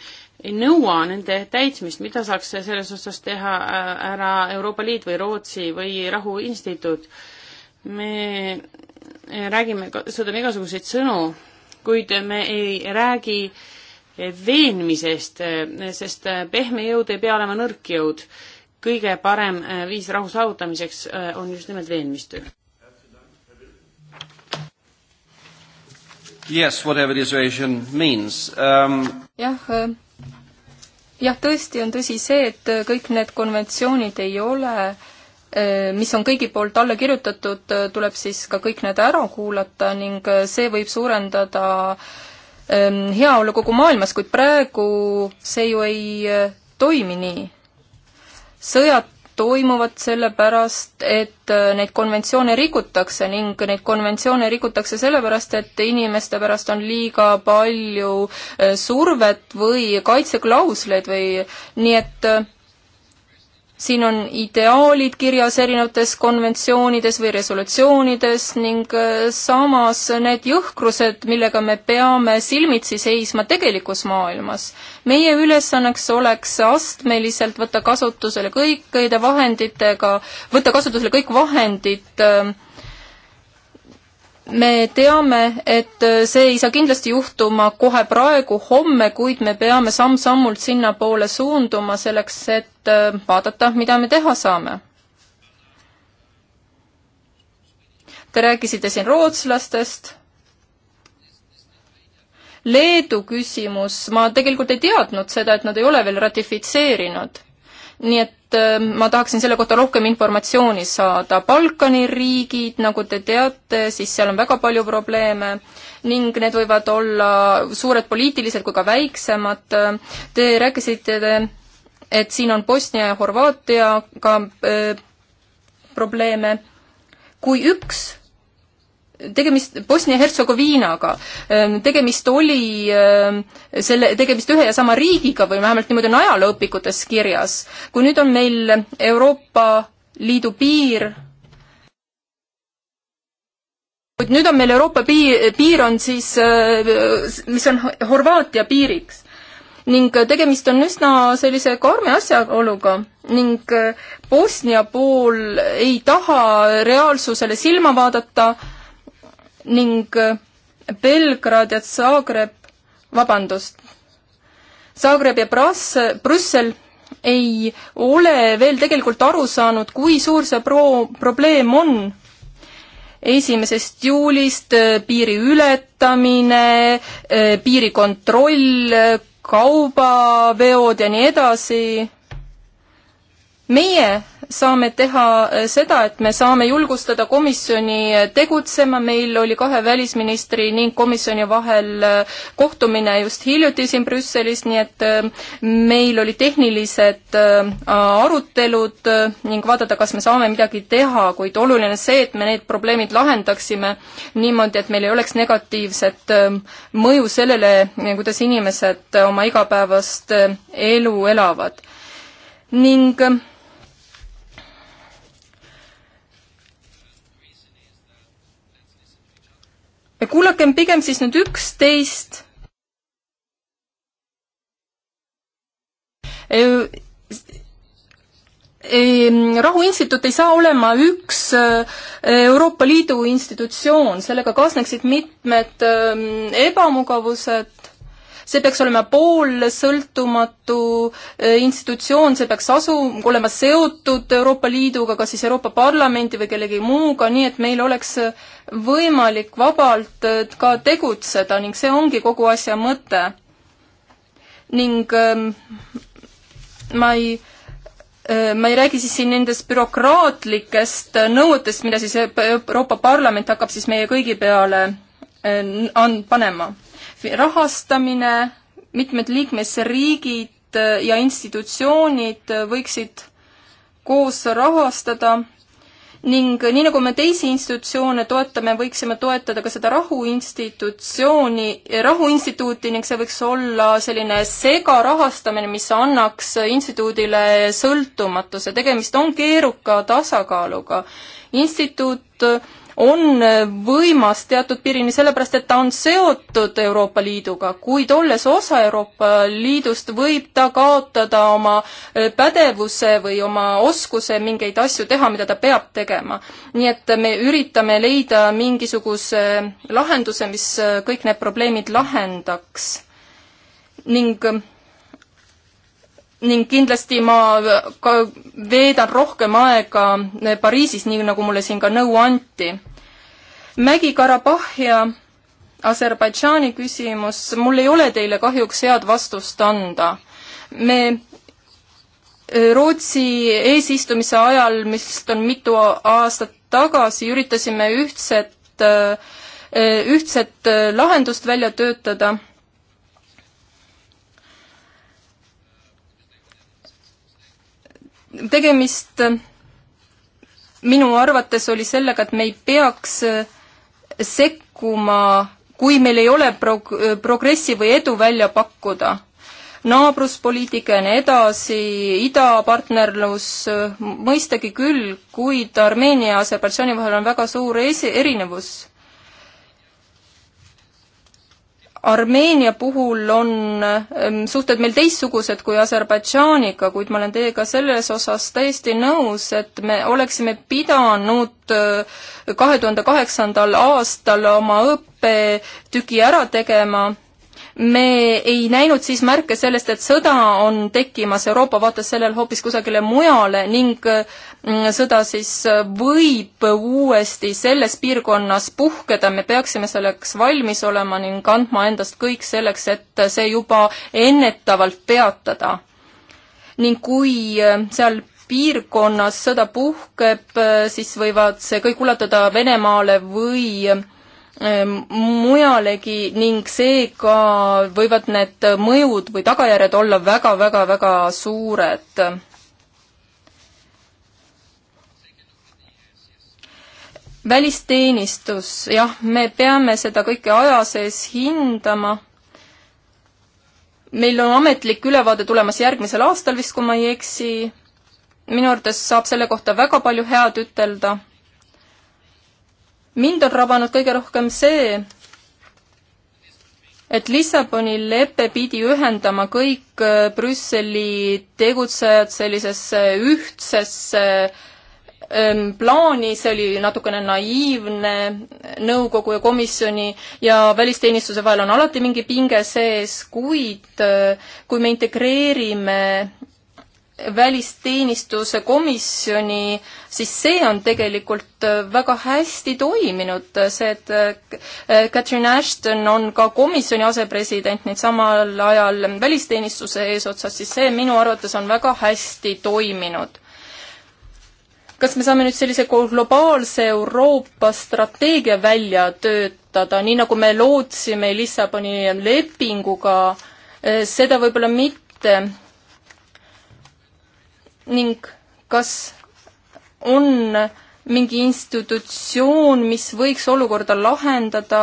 ei nõua nende täitmist, mida saaks selles osas teha äh, ära Euroopa Liit või Rootsi või Rahuinstituut. me räägime, kasutame igasuguseid sõnu, kuid me ei räägi veenmisest, sest pehme jõud ei pea olema nõrk jõud. kõige parem äh, viis rahu saavutamiseks äh, on just nimelt veenmistöö. Yes, whatever dissuasion means um.... jah, jah, tõesti on tõsi see, et äh, kõik need konventsioonid ei ole äh, mis on kõigi poolt alla kirjutatud, äh, tuleb siis ka kõik need ära kuulata ning see võib suurendada ähm, heaolu kogu maailmas, kuid praegu see ju ei toimi nii. sõjad toimuvad sellepärast, et äh, neid konventsioone rikutakse ning neid konventsioone rikutakse sellepärast, et inimeste pärast on liiga palju äh, survet või kaitseklausleid või nii et äh, siin on ideaalid kirjas erinevates konventsioonides või resolutsioonides ning äh, samas need jõhkrused, millega me peame silmitsi seisma tegelikus maailmas. meie ülesanneks oleks astmeliselt võtta kasutusele kõik, kõikide vahenditega, võtta kasutusele kõik vahendid äh, me teame, et see ei saa kindlasti juhtuma kohe praegu, homme, kuid me peame samm-sammult sinnapoole suunduma selleks, et äh, vaadata, mida me teha saame. Te rääkisite siin rootslastest. Leedu küsimus, ma tegelikult ei teadnud seda, et nad ei ole veel ratifitseerinud. nii et Ähm, ma tahaksin selle kohta rohkem informatsiooni saada. Balkani riigid, nagu te teate, siis seal on väga palju probleeme ning need võivad olla suured poliitilised kui ka väiksemad. Te rääkisite, et siin on Bosnia ja Horvaatiaga äh, probleeme. kui üks tegemist Bosnia-Hertsegoviinaga, ähm, tegemist oli ähm, selle, tegemist ühe ja sama riigiga või vähemalt niimoodi on ajalooõpikutes kirjas. kui nüüd on meil Euroopa Liidu piir, kuid nüüd on meil Euroopa piir, piir on siis, äh, mis on Horvaatia piiriks ning tegemist on üsna sellise karme asjaoluga ning äh, Bosnia pool ei taha reaalsusele silma vaadata ning äh, Belgrad ja Zagreb, vabandust, Zagreb ja Brass-, Brüssel ei ole veel tegelikult aru saanud, kui suur see pro-, probleem on. esimesest juulist äh, piiri ületamine, äh, piirikontroll, kaubaveod ja nii edasi. meie saame teha äh, seda, et me saame julgustada komisjoni äh, tegutsema, meil oli kahe välisministri ning komisjoni vahel äh, kohtumine just hiljuti siin Brüsselis, nii et meil oli tehnilised arutelud ning vaadata, kas me saame midagi teha, kuid oluline on see, et me need probleemid lahendaksime niimoodi, et meil ei oleks negatiivset mõju sellele, kuidas inimesed oma igapäevast elu elavad. ning kuulakem pigem siis nüüd üksteist. rahuinstituut ei saa olema üks äh, Euroopa Liidu institutsioon, sellega kaasneksid mitmed ähm, ebamugavused, see peaks olema poolsõltumatu äh, institutsioon, see peaks asu-, olema seotud Euroopa Liiduga, kas siis Euroopa Parlamendi või kellegi muuga, nii et meil oleks äh, võimalik vabalt äh, ka tegutseda ning see ongi kogu asja mõte. ning ähm, ma ei ma ei räägi siis siin nendest bürokraatlikest nõuetest, mida siis Euroopa Parlament hakkab siis meie kõigi peale Äh, on panema. rahastamine, mitmed liikmesriigid äh, ja institutsioonid äh, võiksid koos rahastada ning nii, nagu me teisi institutsioone toetame, võiksime toetada ka seda rahuinstitutsiooni, rahuinstituuti ning see võiks olla selline segarahastamine, mis annaks instituudile sõltumatuse. tegemist on keeruka tasakaaluga. instituut on äh, võimas teatud piirini, sellepärast et ta on seotud Euroopa Liiduga, kuid olles osa Euroopa Liidust, võib ta kaotada oma äh, pädevuse või oma oskuse mingeid asju teha, mida ta peab tegema. nii et me üritame leida mingisuguse äh, lahenduse, mis kõik need probleemid lahendaks. ning ning kindlasti ma ka veedan rohkem aega Pariisis, nii nagu mulle siin ka nõu anti. Mägi-Karabahh ja Aserbaidžaani küsimus, mul ei ole teile kahjuks head vastust anda. me eh, Rootsi eesistumise ajal, mis on mitu aastat tagasi, üritasime ühtset, eh, eh, ühtset lahendust välja töötada tegemist äh, minu arvates oli sellega, et me ei peaks äh, sekkuma, kui meil ei ole prog-, äh, progressi või edu välja pakkuda. naabruspoliitika ja nii edasi, idapartnerlus, mõistagi küll, kuid Armeenia ja Aserbaidžaani vahel on väga suur esi-, erinevus Armeenia puhul on ähm, suhted meil teistsugused kui Aserbaidžaaniga, kuid ma olen teiega selles osas täiesti nõus, et me oleksime pidanud äh, kahe tuhande kaheksandal aastal oma õppetüki ära tegema me ei näinud siis märke sellest, et sõda on tekkimas Euroopa vaates sellel hoopis kusagile mujale ning mm, sõda siis võib uuesti selles piirkonnas puhkeda, me peaksime selleks valmis olema ning andma endast kõik selleks, et see juba ennetavalt peatada. ning kui äh, seal piirkonnas sõda puhkeb, äh, siis võivad see kõik ulatuda Venemaale või äh, Ehm, mujalegi ning seega võivad need mõjud või tagajärjed olla väga-väga-väga suured. välisteenistus, jah, me peame seda kõike aja sees hindama. meil on ametlik ülevaade tulemas järgmisel aastal vist, kui ma ei eksi. minu arvates saab selle kohta väga palju head ütelda mind on rabanud kõige rohkem see, et Lissaboni lepe pidi ühendama kõik äh, Brüsseli tegutsejad sellisesse ühtsesse ähm, plaani, see oli natukene naiivne äh, nõukogu ja komisjoni ja välisteenistuse vahel on alati mingi pinge sees, kuid äh, kui me integreerime välisteenistuse komisjoni, siis see on tegelikult äh, väga hästi toiminud, see, et äh, Catherine Ashton on ka komisjoni asepresident, nüüd samal ajal välisteenistuse eesotsas, siis see minu arvates on väga hästi toiminud kas me saame nüüd sellise globaalse Euroopa strateegia välja töötada, nii nagu me lootsime Lissaboni lepinguga, äh, seda võib-olla mitte ning kas on mingi institutsioon, mis võiks olukorda lahendada,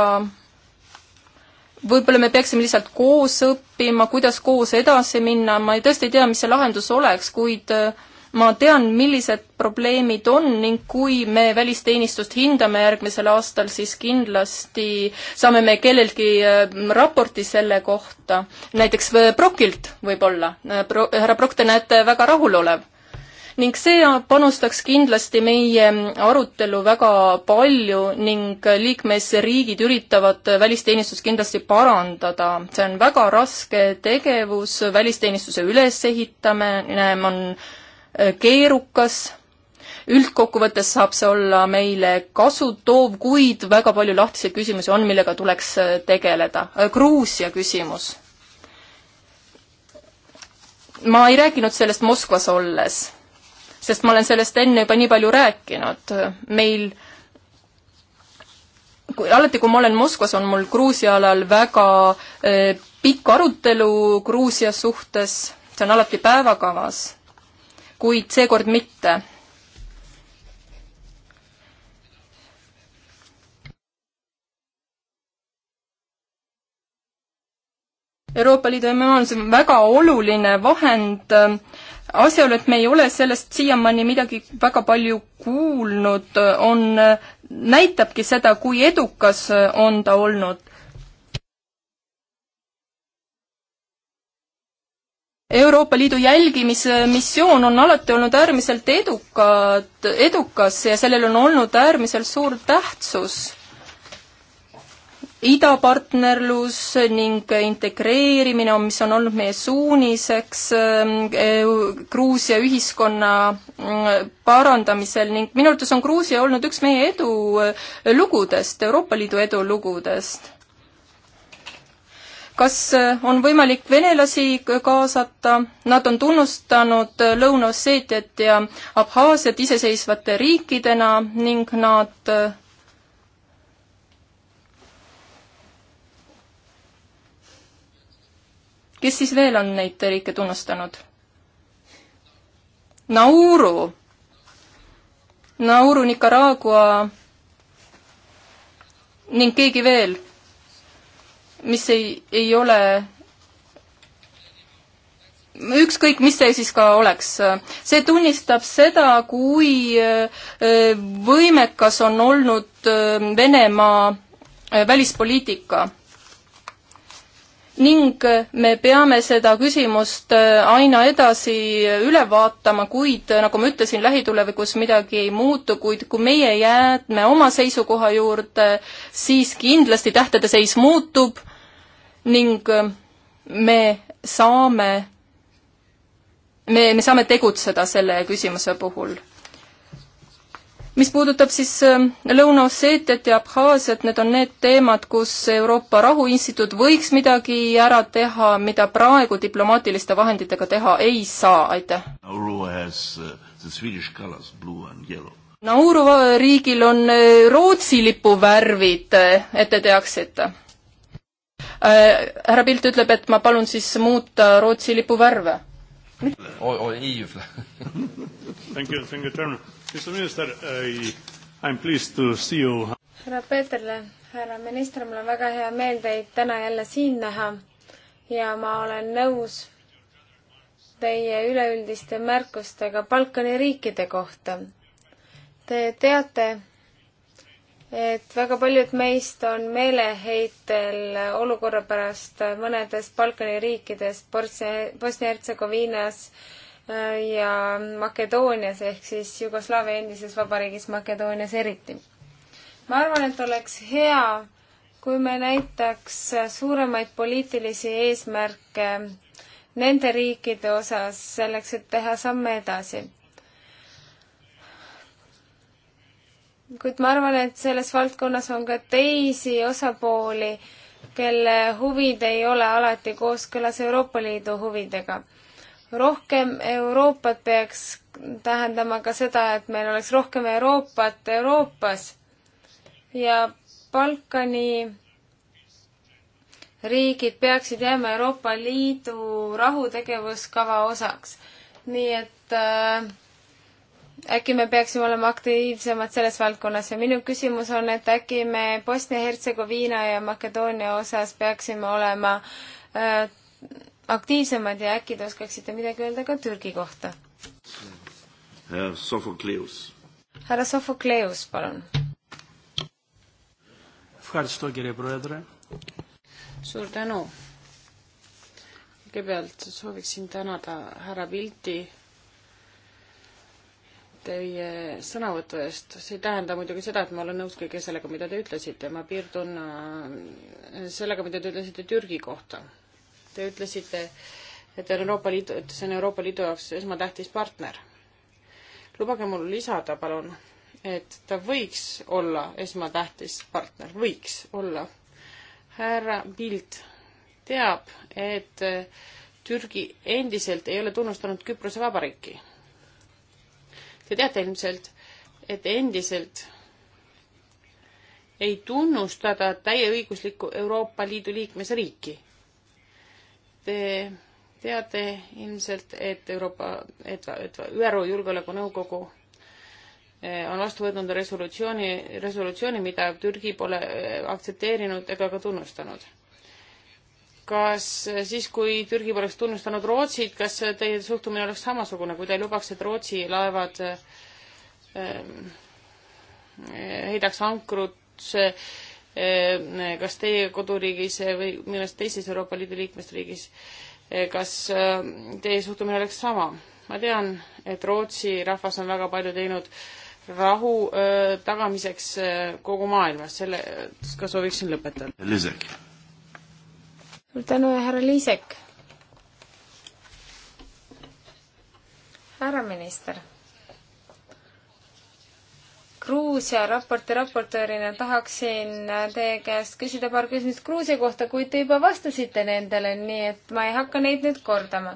võib-olla me peaksime lihtsalt koos õppima, kuidas koos edasi minna, ma ei tõesti ei tea, mis see lahendus oleks, kuid äh, ma tean, millised probleemid on ning kui me välisteenistust hindame järgmisel aastal, siis kindlasti saame me kellelgi äh, raporti selle kohta, näiteks äh, Brokilt võib-olla. Pro-, härra Prokk, te näete väga rahulolev ning see panustaks kindlasti meie arutellu väga palju ning liikmesriigid üritavad välisteenistust kindlasti parandada. see on väga raske tegevus, välisteenistuse ülesehitamine on äh, keerukas üldkokkuvõttes saab see olla meile kasu toov, kuid väga palju lahtiseid küsimusi on, millega tuleks äh, tegeleda. Äh, Gruusia küsimus. ma ei rääkinud sellest Moskvas olles sest ma olen sellest enne juba nii palju rääkinud. meil, kui alati, kui ma olen Moskvas, on mul Gruusia alal väga eh, pikk arutelu Gruusia suhtes, see on alati päevakavas, kuid seekord mitte Euroopa Liidu MM on see väga oluline vahend asjaolu, et me ei ole sellest siiamaani midagi väga palju kuulnud, on, näitabki seda, kui edukas on ta olnud. Euroopa Liidu jälgimismissioon on alati olnud äärmiselt edukad, edukas ja sellel on olnud äärmiselt suur tähtsus idapartnerlus ning integreerimine on, mis on olnud meie suuniseks ähm, Gruusia ühiskonna mm, parandamisel ning minu arvates on Gruusia olnud üks meie edulugudest, äh, Euroopa Liidu edulugudest kas äh, on võimalik venelasi kaasata, nad on tunnustanud äh, Lõuna-Osseetiat ja Abhaasiat iseseisvate riikidena ning nad kes siis veel on neid riike tunnustanud? Nauru. Nauru, Nicaragua ning keegi veel, mis ei, ei ole ükskõik, mis see siis ka oleks. see tunnistab seda, kui e, võimekas on olnud e, Venemaa e, välispoliitika ning me peame seda küsimust äh, aina edasi üle vaatama, kuid äh, nagu ma ütlesin, lähitulevikus midagi ei muutu, kuid kui meie jääme oma seisukoha juurde, siis kindlasti tähtede seis muutub ning äh, me saame, me, me saame tegutseda selle küsimuse puhul mis puudutab siis ähm, Lõuna-Osseetiat ja Abhaasiat, need on need teemad, kus Euroopa Rahuinstituut võiks midagi ära teha, mida praegu diplomaatiliste vahenditega teha ei saa, aitäh. Nauru äh, riigil on äh, Rootsi lipu värvid, äh, et te teaksite. härra Pilt ütleb, et ma palun siis muuta Rootsi lipu värve. oi, oi, Yves. Thank you, thank you, Turner Mr Minister, I am pleased to see you. härra Peeterle, härra minister, mul on väga hea meel teid täna jälle siin näha ja ma olen nõus teie üleüldiste märkustega Balkani riikide kohta. Te teate, et väga paljud meist on meeleheitel olukorra pärast mõnedes Balkani riikides, Bosnia-Hertsegoviinas, ja Makedoonias ehk siis Jugoslaavia endises vabariigis Makedoonias eriti. ma arvan, et oleks hea, kui me näitaks suuremaid poliitilisi eesmärke nende riikide osas selleks, et teha samme edasi. kuid ma arvan, et selles valdkonnas on ka teisi osapooli, kelle huvid ei ole alati kooskõlas Euroopa Liidu huvidega rohkem Euroopat peaks tähendama ka seda, et meil oleks rohkem Euroopat Euroopas ja Balkani riigid peaksid jääma Euroopa Liidu rahutegevuskava osaks. nii et äh, äkki me peaksime olema aktiivsemad selles valdkonnas ja minu küsimus on, et äkki me Bosnia-Hertsegoviina ja Makedoonia osas peaksime olema äh, aktiivsemad ja äkki te oskaksite midagi öelda ka Türgi kohta? Sofokleus. härra Sofokleus, palun. suur tänu. kõigepealt sooviksin tänada härra Pilti teie sõnavõtu eest, see ei tähenda muidugi seda, et ma olen nõus kõige sellega, mida te ütlesite, ma piirdun äh, sellega, mida te ütlesite Türgi kohta Te ütlesite, et Euroopa Liidu, et see on Euroopa Liidu jaoks esmatähtis partner. lubage mul lisada, palun, et ta võiks olla esmatähtis partner, võiks olla. härra Pilt teab, et Türgi endiselt ei ole tunnustanud Küprose Vabariiki. Te teate ilmselt, et endiselt ei tunnustada täieõiguslikku Euroopa Liidu liikmesriiki Te teate ilmselt, et Euroopa, et, et ÜRO Julgeolekunõukogu eh, on vastu võtnud resolutsiooni, resolutsiooni, mida Türgi pole eh, aktsepteerinud ega ka tunnustanud. kas siis, kui Türgi poleks tunnustanud Rootsit, kas teie suhtumine oleks samasugune, kui te lubaks, et Rootsi laevad ähm, heidaks ankrusse äh, Ehm, kas teie koduriigis eh, või mõnes teises Euroopa Liidu liikmesriigis, eh, kas ehm, teie suhtumine oleks sama? ma tean, et Rootsi rahvas on väga palju teinud rahu öö, eh, tagamiseks kogu maailmas, selle ka sooviksin lõpetada. suur tänu ja härra Liisek. härra minister Gruusia raporti raportöörina tahaksin teie käest küsida paar küsimust Gruusia kohta, kuid te juba vastasite nendele, nii et ma ei hakka neid nüüd kordama.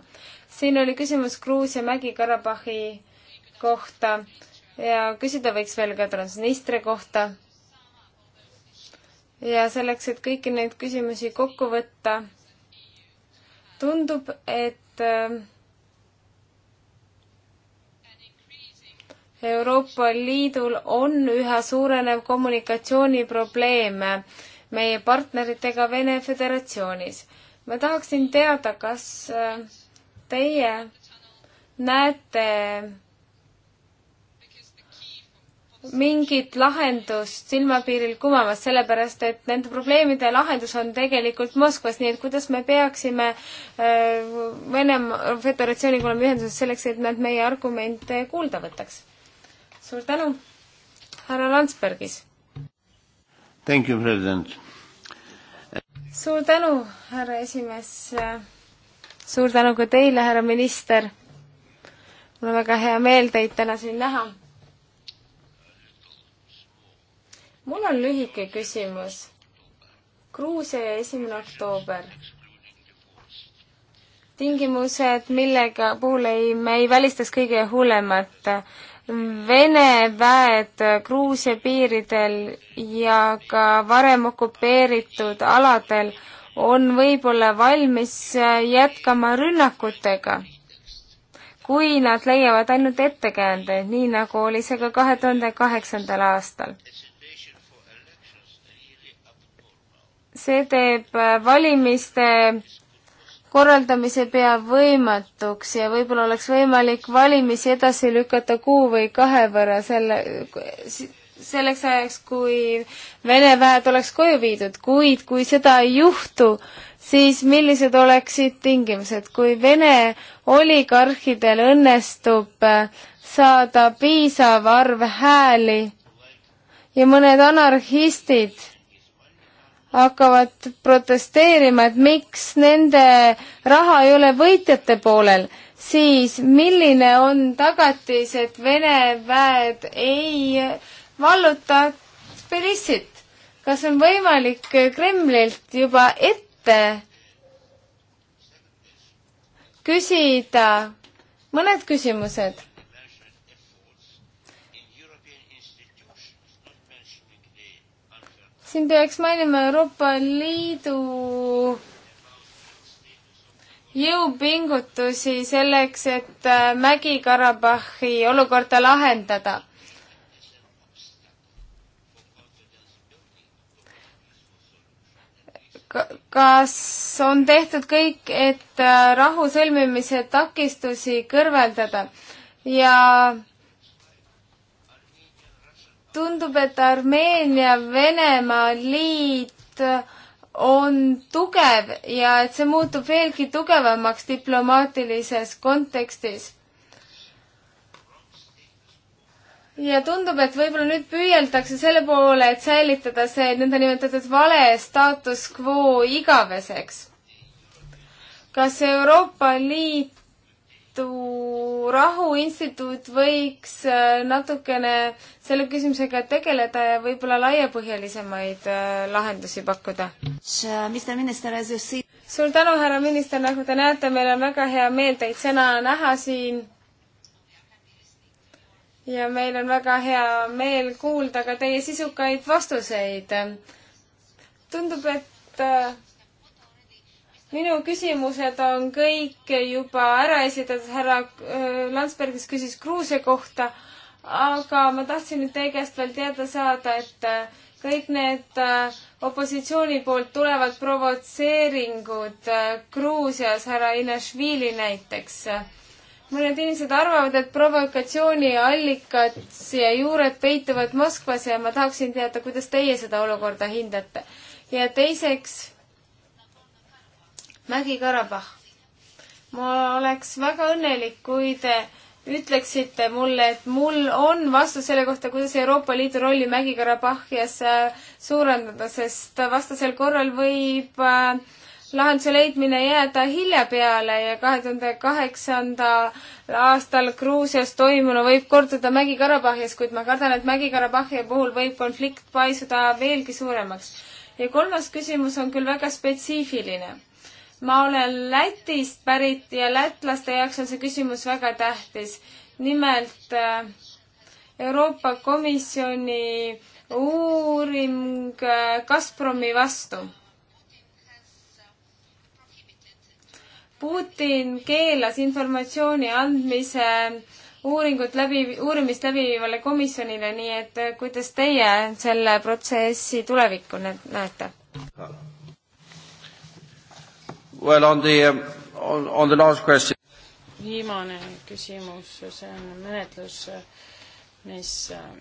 siin oli küsimus Gruusia Mägi-Karabahhi kohta ja küsida võiks veel ka Transnistria kohta. ja selleks, et kõiki neid küsimusi kokku võtta, tundub, et äh, Euroopa Liidul on üha suurenev kommunikatsiooniprobleem meie partneritega Vene Föderatsioonis. ma tahaksin teada, kas äh, teie näete mingit lahendust silmapiiril kumamas, sellepärast et nende probleemide lahendus on tegelikult Moskvas, nii et kuidas me peaksime äh, Venemaa Föderatsiooniga olema ühenduses selleks, et nad meie argumente kuulda võtaks? suur tänu, härra Landsbergis. Thank you, president. suur tänu, härra esimees. suur tänu ka teile, härra minister. mul on väga hea meel teid täna siin näha. mul on lühike küsimus. Gruusia ja esimene oktoober tingimused, millega puhul ei, me ei välistaks kõige hullemat. Vene väed Gruusia piiridel ja ka varem okupeeritud aladel on võib-olla valmis äh, jätkama rünnakutega, kui nad leiavad ainult ettekäändeid, nii nagu oli see ka kahe tuhande kaheksandal aastal. see teeb äh, valimiste korraldamise peab võimatuks ja võib-olla oleks võimalik valimisi edasi lükata kuu või kahe võrra selle, selleks ajaks, kui Vene väed oleks koju viidud, kuid kui seda ei juhtu, siis millised oleksid tingimused, kui Vene oligarhidel õnnestub äh, saada piisav arv hääli ja mõned anarhistid hakkavad protesteerima, et miks nende raha ei ole võitjate poolel, siis milline on tagatis, et Vene väed ei valluta Tbilisit? kas on võimalik Kremlilt juba ette küsida mõned küsimused? siin peaks mainima Euroopa Liidu jõupingutusi selleks, et äh, Mägi-Karabahhi olukorda lahendada. kas on tehtud kõik, et äh, rahu sõlmimise takistusi kõrvaldada ja tundub, et Armeenia-Venemaa liit on tugev ja et see muutub veelgi tugevamaks diplomaatilises kontekstis. ja tundub, et võib-olla nüüd püüeldakse selle poole, et säilitada see nõndanimetatud vale staatus quo igaveseks. kas Euroopa Liit Tartu Rahuinstituut võiks äh, natukene selle küsimusega tegeleda ja võib-olla laiapõhjalisemaid äh, lahendusi pakkuda. suur tänu, härra minister, nagu te näete, meil on väga hea meel teid sõna näha siin. ja meil on väga hea meel kuulda ka teie sisukaid vastuseid. tundub, et äh, minu küsimused on kõik juba ära esitatud, härra äh, Landsbergis küsis Gruusia kohta, aga ma tahtsin nüüd teie käest veel teada saada, et äh, kõik need äh, opositsiooni poolt tulevad provotseeringud Gruusias, härra Inašvili näiteks. mõned inimesed arvavad, et provokatsiooni allikad ja juured peituvad Moskvas ja ma tahaksin teada, kuidas teie seda olukorda hindate. ja teiseks Mägi-Karabahh. ma oleks väga õnnelik, kui te ütleksite mulle, et mul on vastus selle kohta, kuidas Euroopa Liidu rolli Mägi-Karabahhias äh, suurendada, sest vastasel korral võib äh, lahenduse leidmine jääda hilja peale ja kahe tuhande kaheksanda aastal Gruusias toimunu võib korduda Mägi-Karabahhias, kuid ma kardan, et Mägi-Karabahhi puhul võib konflikt paisuda veelgi suuremaks. ja kolmas küsimus on küll väga spetsiifiline ma olen Lätist pärit ja lätlaste jaoks on see küsimus väga tähtis. nimelt äh, Euroopa Komisjoni uuring äh, Gazpromi vastu. Putin keelas informatsiooni andmise uuringut läbi, uurimist läbivale komisjonile, nii et äh, kuidas teie selle protsessi tulevikku näete? Well, on the, um, on, on the last question. viimane küsimus, see on menetlus, mis um,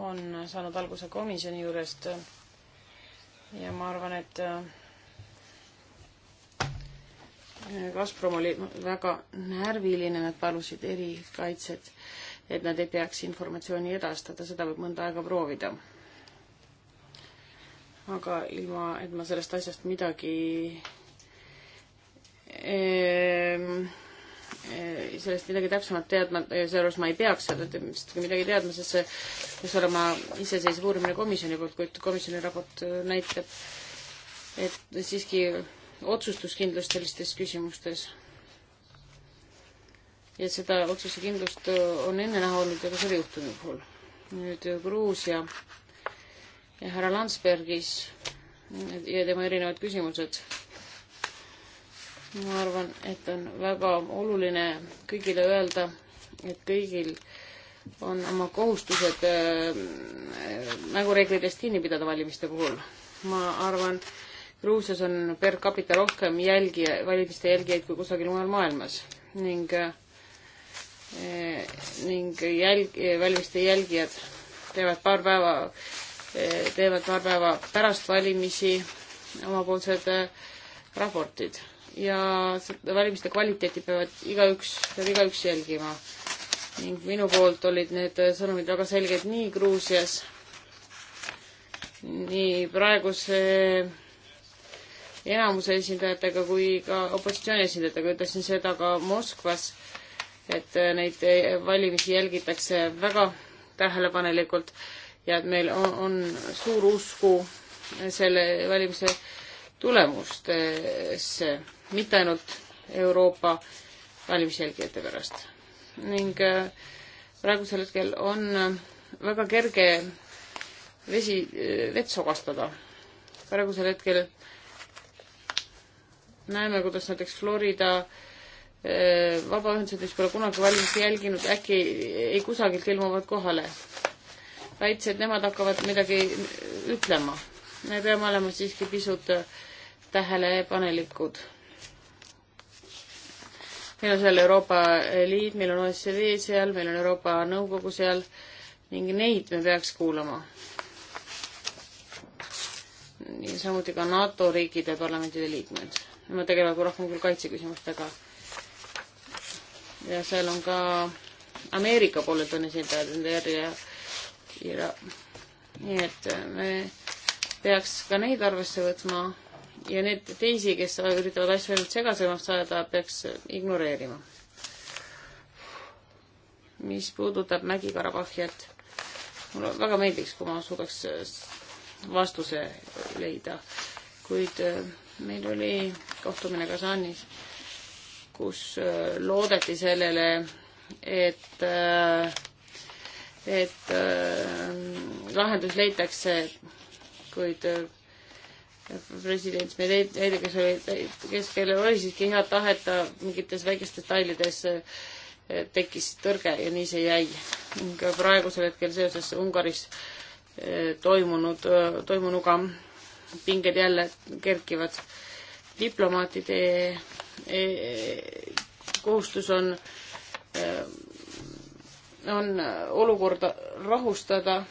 on saanud alguse komisjoni juurest ja ma arvan, et äh, Gazprom oli väga närviline, nad palusid erikaitset, et nad ei peaks informatsiooni edastada, seda võib mõnda aega proovida. aga ilma, et ma sellest asjast midagi sellest midagi täpsemalt teadma, seejuures ma ei peaks sellest midagi teadma, sest see peaks olema iseseisev uurimine komisjoni poolt, kuid komisjoni raport äh, näitab, et siiski otsustuskindlust sellistes küsimustes. ja seda otsusekindlust äh, on enne näha olnud ja ka selle juhtumi puhul. nüüd äh, Gruusia ja härra Landsbergis ja tema erinevad küsimused ma arvan, et on väga oluline kõigile öelda, et kõigil on oma kohustused äh, mängureeglitest kinni pidada valimiste puhul. ma arvan, Gruusias on per capita rohkem jälgija, valimiste jälgijaid kui kusagil mujal maailmas ning äh, ning jälg-, valimiste jälgijad teevad paar päeva, äh, teevad paar päeva pärast valimisi omapoolsed raportid ja valimiste kvaliteeti peavad igaüks, peab igaüks jälgima. ning minu poolt olid need sõnumid väga selged nii Gruusias, nii praeguse enamuse esindajatega kui ka opositsiooni esindajatega, ütlesin seda ka Moskvas, et neid valimisi jälgitakse väga tähelepanelikult ja et meil on, on suur usku selle valimise tulemustesse mitte ainult Euroopa valimisjälgijate pärast. ning äh, praegusel hetkel on äh, väga kerge vesi, äh, vett sogastada. praegusel hetkel näeme, kuidas näiteks Florida vabaühendused, mis pole kunagi valimisi jälginud, äkki ei kusagilt ilmuvad kohale. väitsa, et nemad hakkavad midagi ütlema. me peame olema siiski pisut tähelepanelikud meil on seal Euroopa Liit, meil on OECD seal, meil on Euroopa Nõukogu seal ning neid me peaks kuulama. ja samuti ka NATO riikide parlamentide liikmed. Nemad tegelevad rohkem küll kaitseküsimustega. ja seal on ka Ameerika poolelt on esindajad, NDR ja Ira. nii et me peaks ka neid arvesse võtma ja need teisi, kes üritavad asju ainult segasemaks ajada, peaks ignoreerima. mis puudutab Mägi-Karabahhiat, mulle väga meeldiks, kui ma suudaks vastuse leida, kuid äh, meil oli kohtumine Kasanis, kus äh, loodeti sellele, et äh, et lahendus leitakse, kuid president Medvedev, kes oli, kes, kellel oli siiski hea tahe, et ta mingites väikestes detailides eh, tekkis tõrge ja nii see jäi. ka praegusel hetkel seoses Ungaris eh, toimunud, toimunuga pinged jälle kerkivad. diplomaatide eh, kohustus on, on olukorda rahustada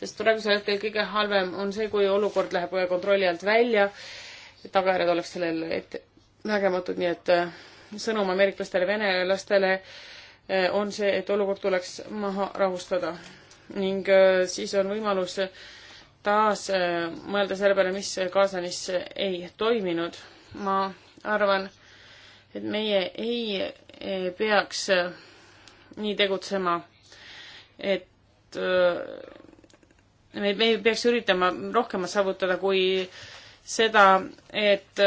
sest praegusel hetkel kõige halvem on see, kui olukord läheb kontrolli alt välja, tagajärjed oleks sellel ettenägematud, nii et äh, sõnum ameeriklastele, venelastele äh, on see, et olukord tuleks maha rahustada ning äh, siis on võimalus taas mõelda selle peale, mis Gazanis ei toiminud. ma arvan, et meie ei peaks nii tegutsema, et me, me ei peaks üritama rohkemat saavutada kui seda, et,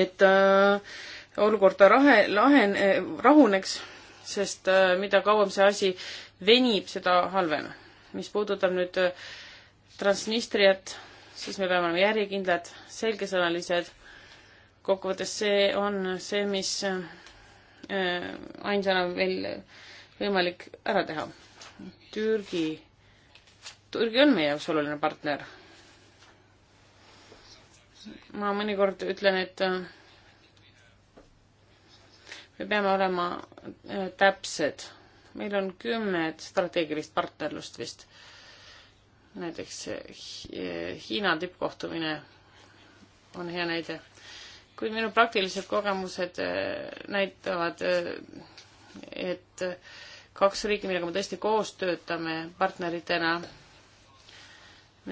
et äh, olukord rahe, lahen-, rahuneks, sest äh, mida kauem see asi venib, seda halvem. mis puudutab nüüd äh, Transnistriat, siis me peame olema järjekindlad, selgesõnalised. kokkuvõttes see on see, mis ainsana veel võimalik ära teha Türgi, Türgi on meie jaoks oluline partner. ma mõnikord ütlen, et äh, me peame olema äh, täpsed. meil on kümned strateegilist partnerlust vist. näiteks äh, Hiina tippkohtumine on hea näide. kuid minu praktilised kogemused näitavad, et kaks riiki, millega me tõesti koos töötame partneritena.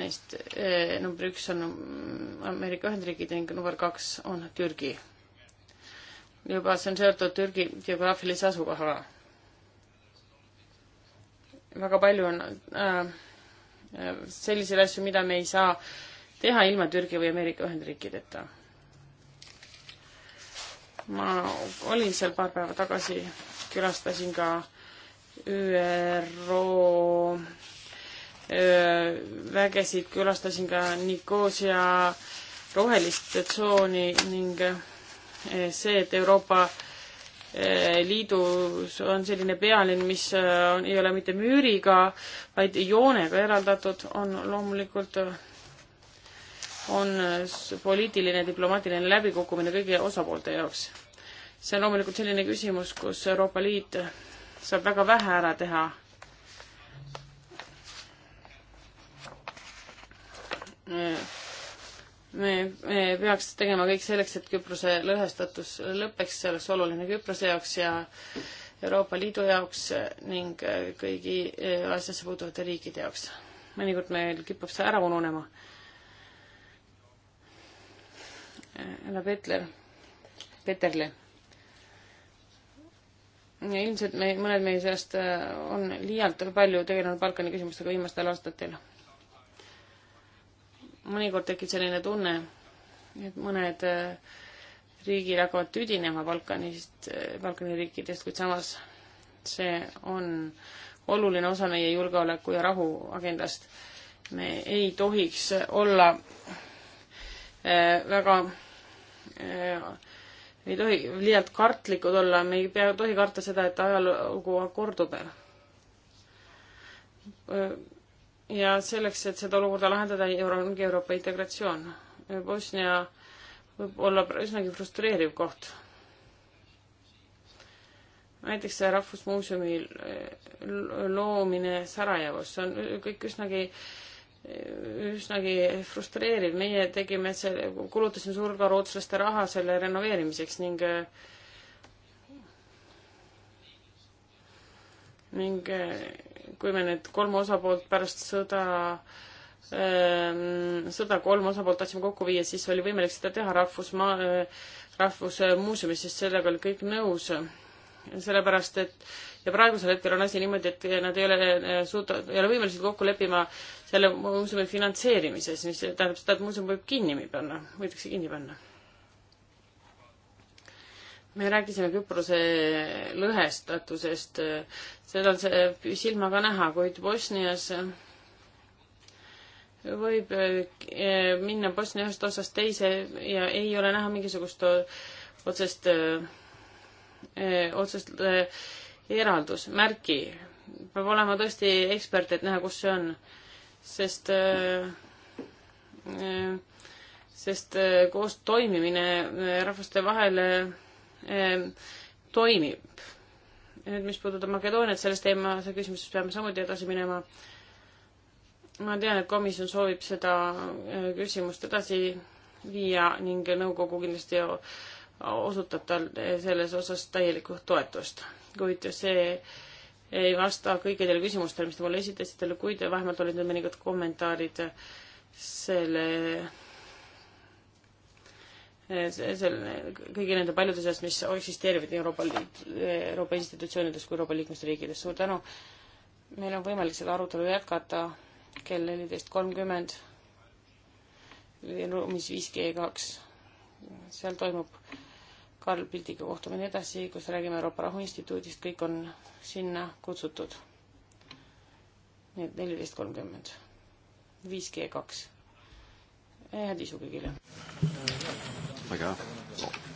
Neist eh, number üks on Ameerika Ühendriigid ning number kaks on Türgi. juba see on seotud Türgi geograafilise asukohaga. väga palju on äh, selliseid asju, mida me ei saa teha ilma Türgi või Ameerika Ühendriikideta. ma olin seal paar päeva tagasi, külastasin ka äh, ÜRO vägesid, külastasin ka Nikosia rohelist tsooni ning see, et Euroopa Liidus on selline pealinn, mis on, ei ole mitte müüriga, vaid joonega eraldatud, on loomulikult, on poliitiline, diplomaatiline läbikukkumine kõigi osapoolte jaoks. see on loomulikult selline küsimus, kus Euroopa Liit saab väga vähe ära teha. me, me peaks tegema kõik selleks, et Küprose lõhestatus lõpeks, see oleks oluline Küprose jaoks ja Euroopa Liidu jaoks ning kõigi asjasse puutuvate riikide jaoks. mõnikord meil kipub see ära ununema. härra Petler, Peterle ilmselt me, mõned meie seast äh, on liialt palju tegelenud Balkani küsimustega viimastel aastatel. mõnikord tekib selline tunne, et mõned äh, riigid hakkavad tüdinema Balkanist, äh, Balkani riikidest, kuid samas see on oluline osa meie julgeoleku ja rahu agendast. me ei tohiks olla väga ei tohi liialt kartlikud olla, me ei pea, tohi karta seda, et ajalugu kordub. ja selleks, et seda olukorda lahendada, ongi Euroopa integratsioon. Bosnia võib olla üsnagi frustreeriv koht. näiteks see Rahvusmuuseumi loomine Sarajevos, see on kõik üsnagi äh, üsnagi frustreeriv, meie tegime selle, kulutasime suur hulga rootslaste raha selle renoveerimiseks ning ning kui me need kolm osapoolt pärast sõda, ehm, sõda kolm osapoolt tahtsime kokku viia, siis oli võimalik seda teha rahvusmaa, rahvusmuuseumis, sest sellega olid kõik nõus sellepärast et ja praegusel hetkel on asi niimoodi, et nad ei ole äh, suuda, ei ole võimelised kokku leppima selle muuseumi finantseerimises, mis tähendab seda, et muuseum võib kinni panna, võidakse kinni panna. me rääkisime Küprose lõhestatusest, seda on see silmaga näha, kuid Bosnias võib äh, minna Bosnia ühest osast teise ja ei ole näha mingisugust otsest äh, Eh, otsest eh, eraldus, märki. peab olema tõesti ekspert, et näha, kus see on, sest eh, sest koos toimimine rahvaste vahel toimib. nüüd, mis puudutab Makedooniat, selles teema, see küsimus peame samuti edasi minema. ma tean, et komisjon soovib seda küsimust edasi viia ning nõukogu kindlasti osutab tal selles osas täielikku toetust. kuid see ei vasta kõikidele küsimustele, mis te mulle esitasite, kuid vähemalt olid need mõningad kommentaarid selle selle, kõigi nende paljude seast, mis eksisteerivad nii Euroopa Liit, Euroopa institutsioonides kui Euroopa liikmesriikides. suur tänu! meil on võimalik seda arutelu jätkata kell neliteist kolmkümmend ruumis 5G2. seal toimub Karl Pildiga kohtume ja nii edasi, kus räägime Euroopa Rahu Instituudist, kõik on sinna kutsutud. nii et neliteist kolmkümmend, viis G kaks. head isu kõigile! väga hea.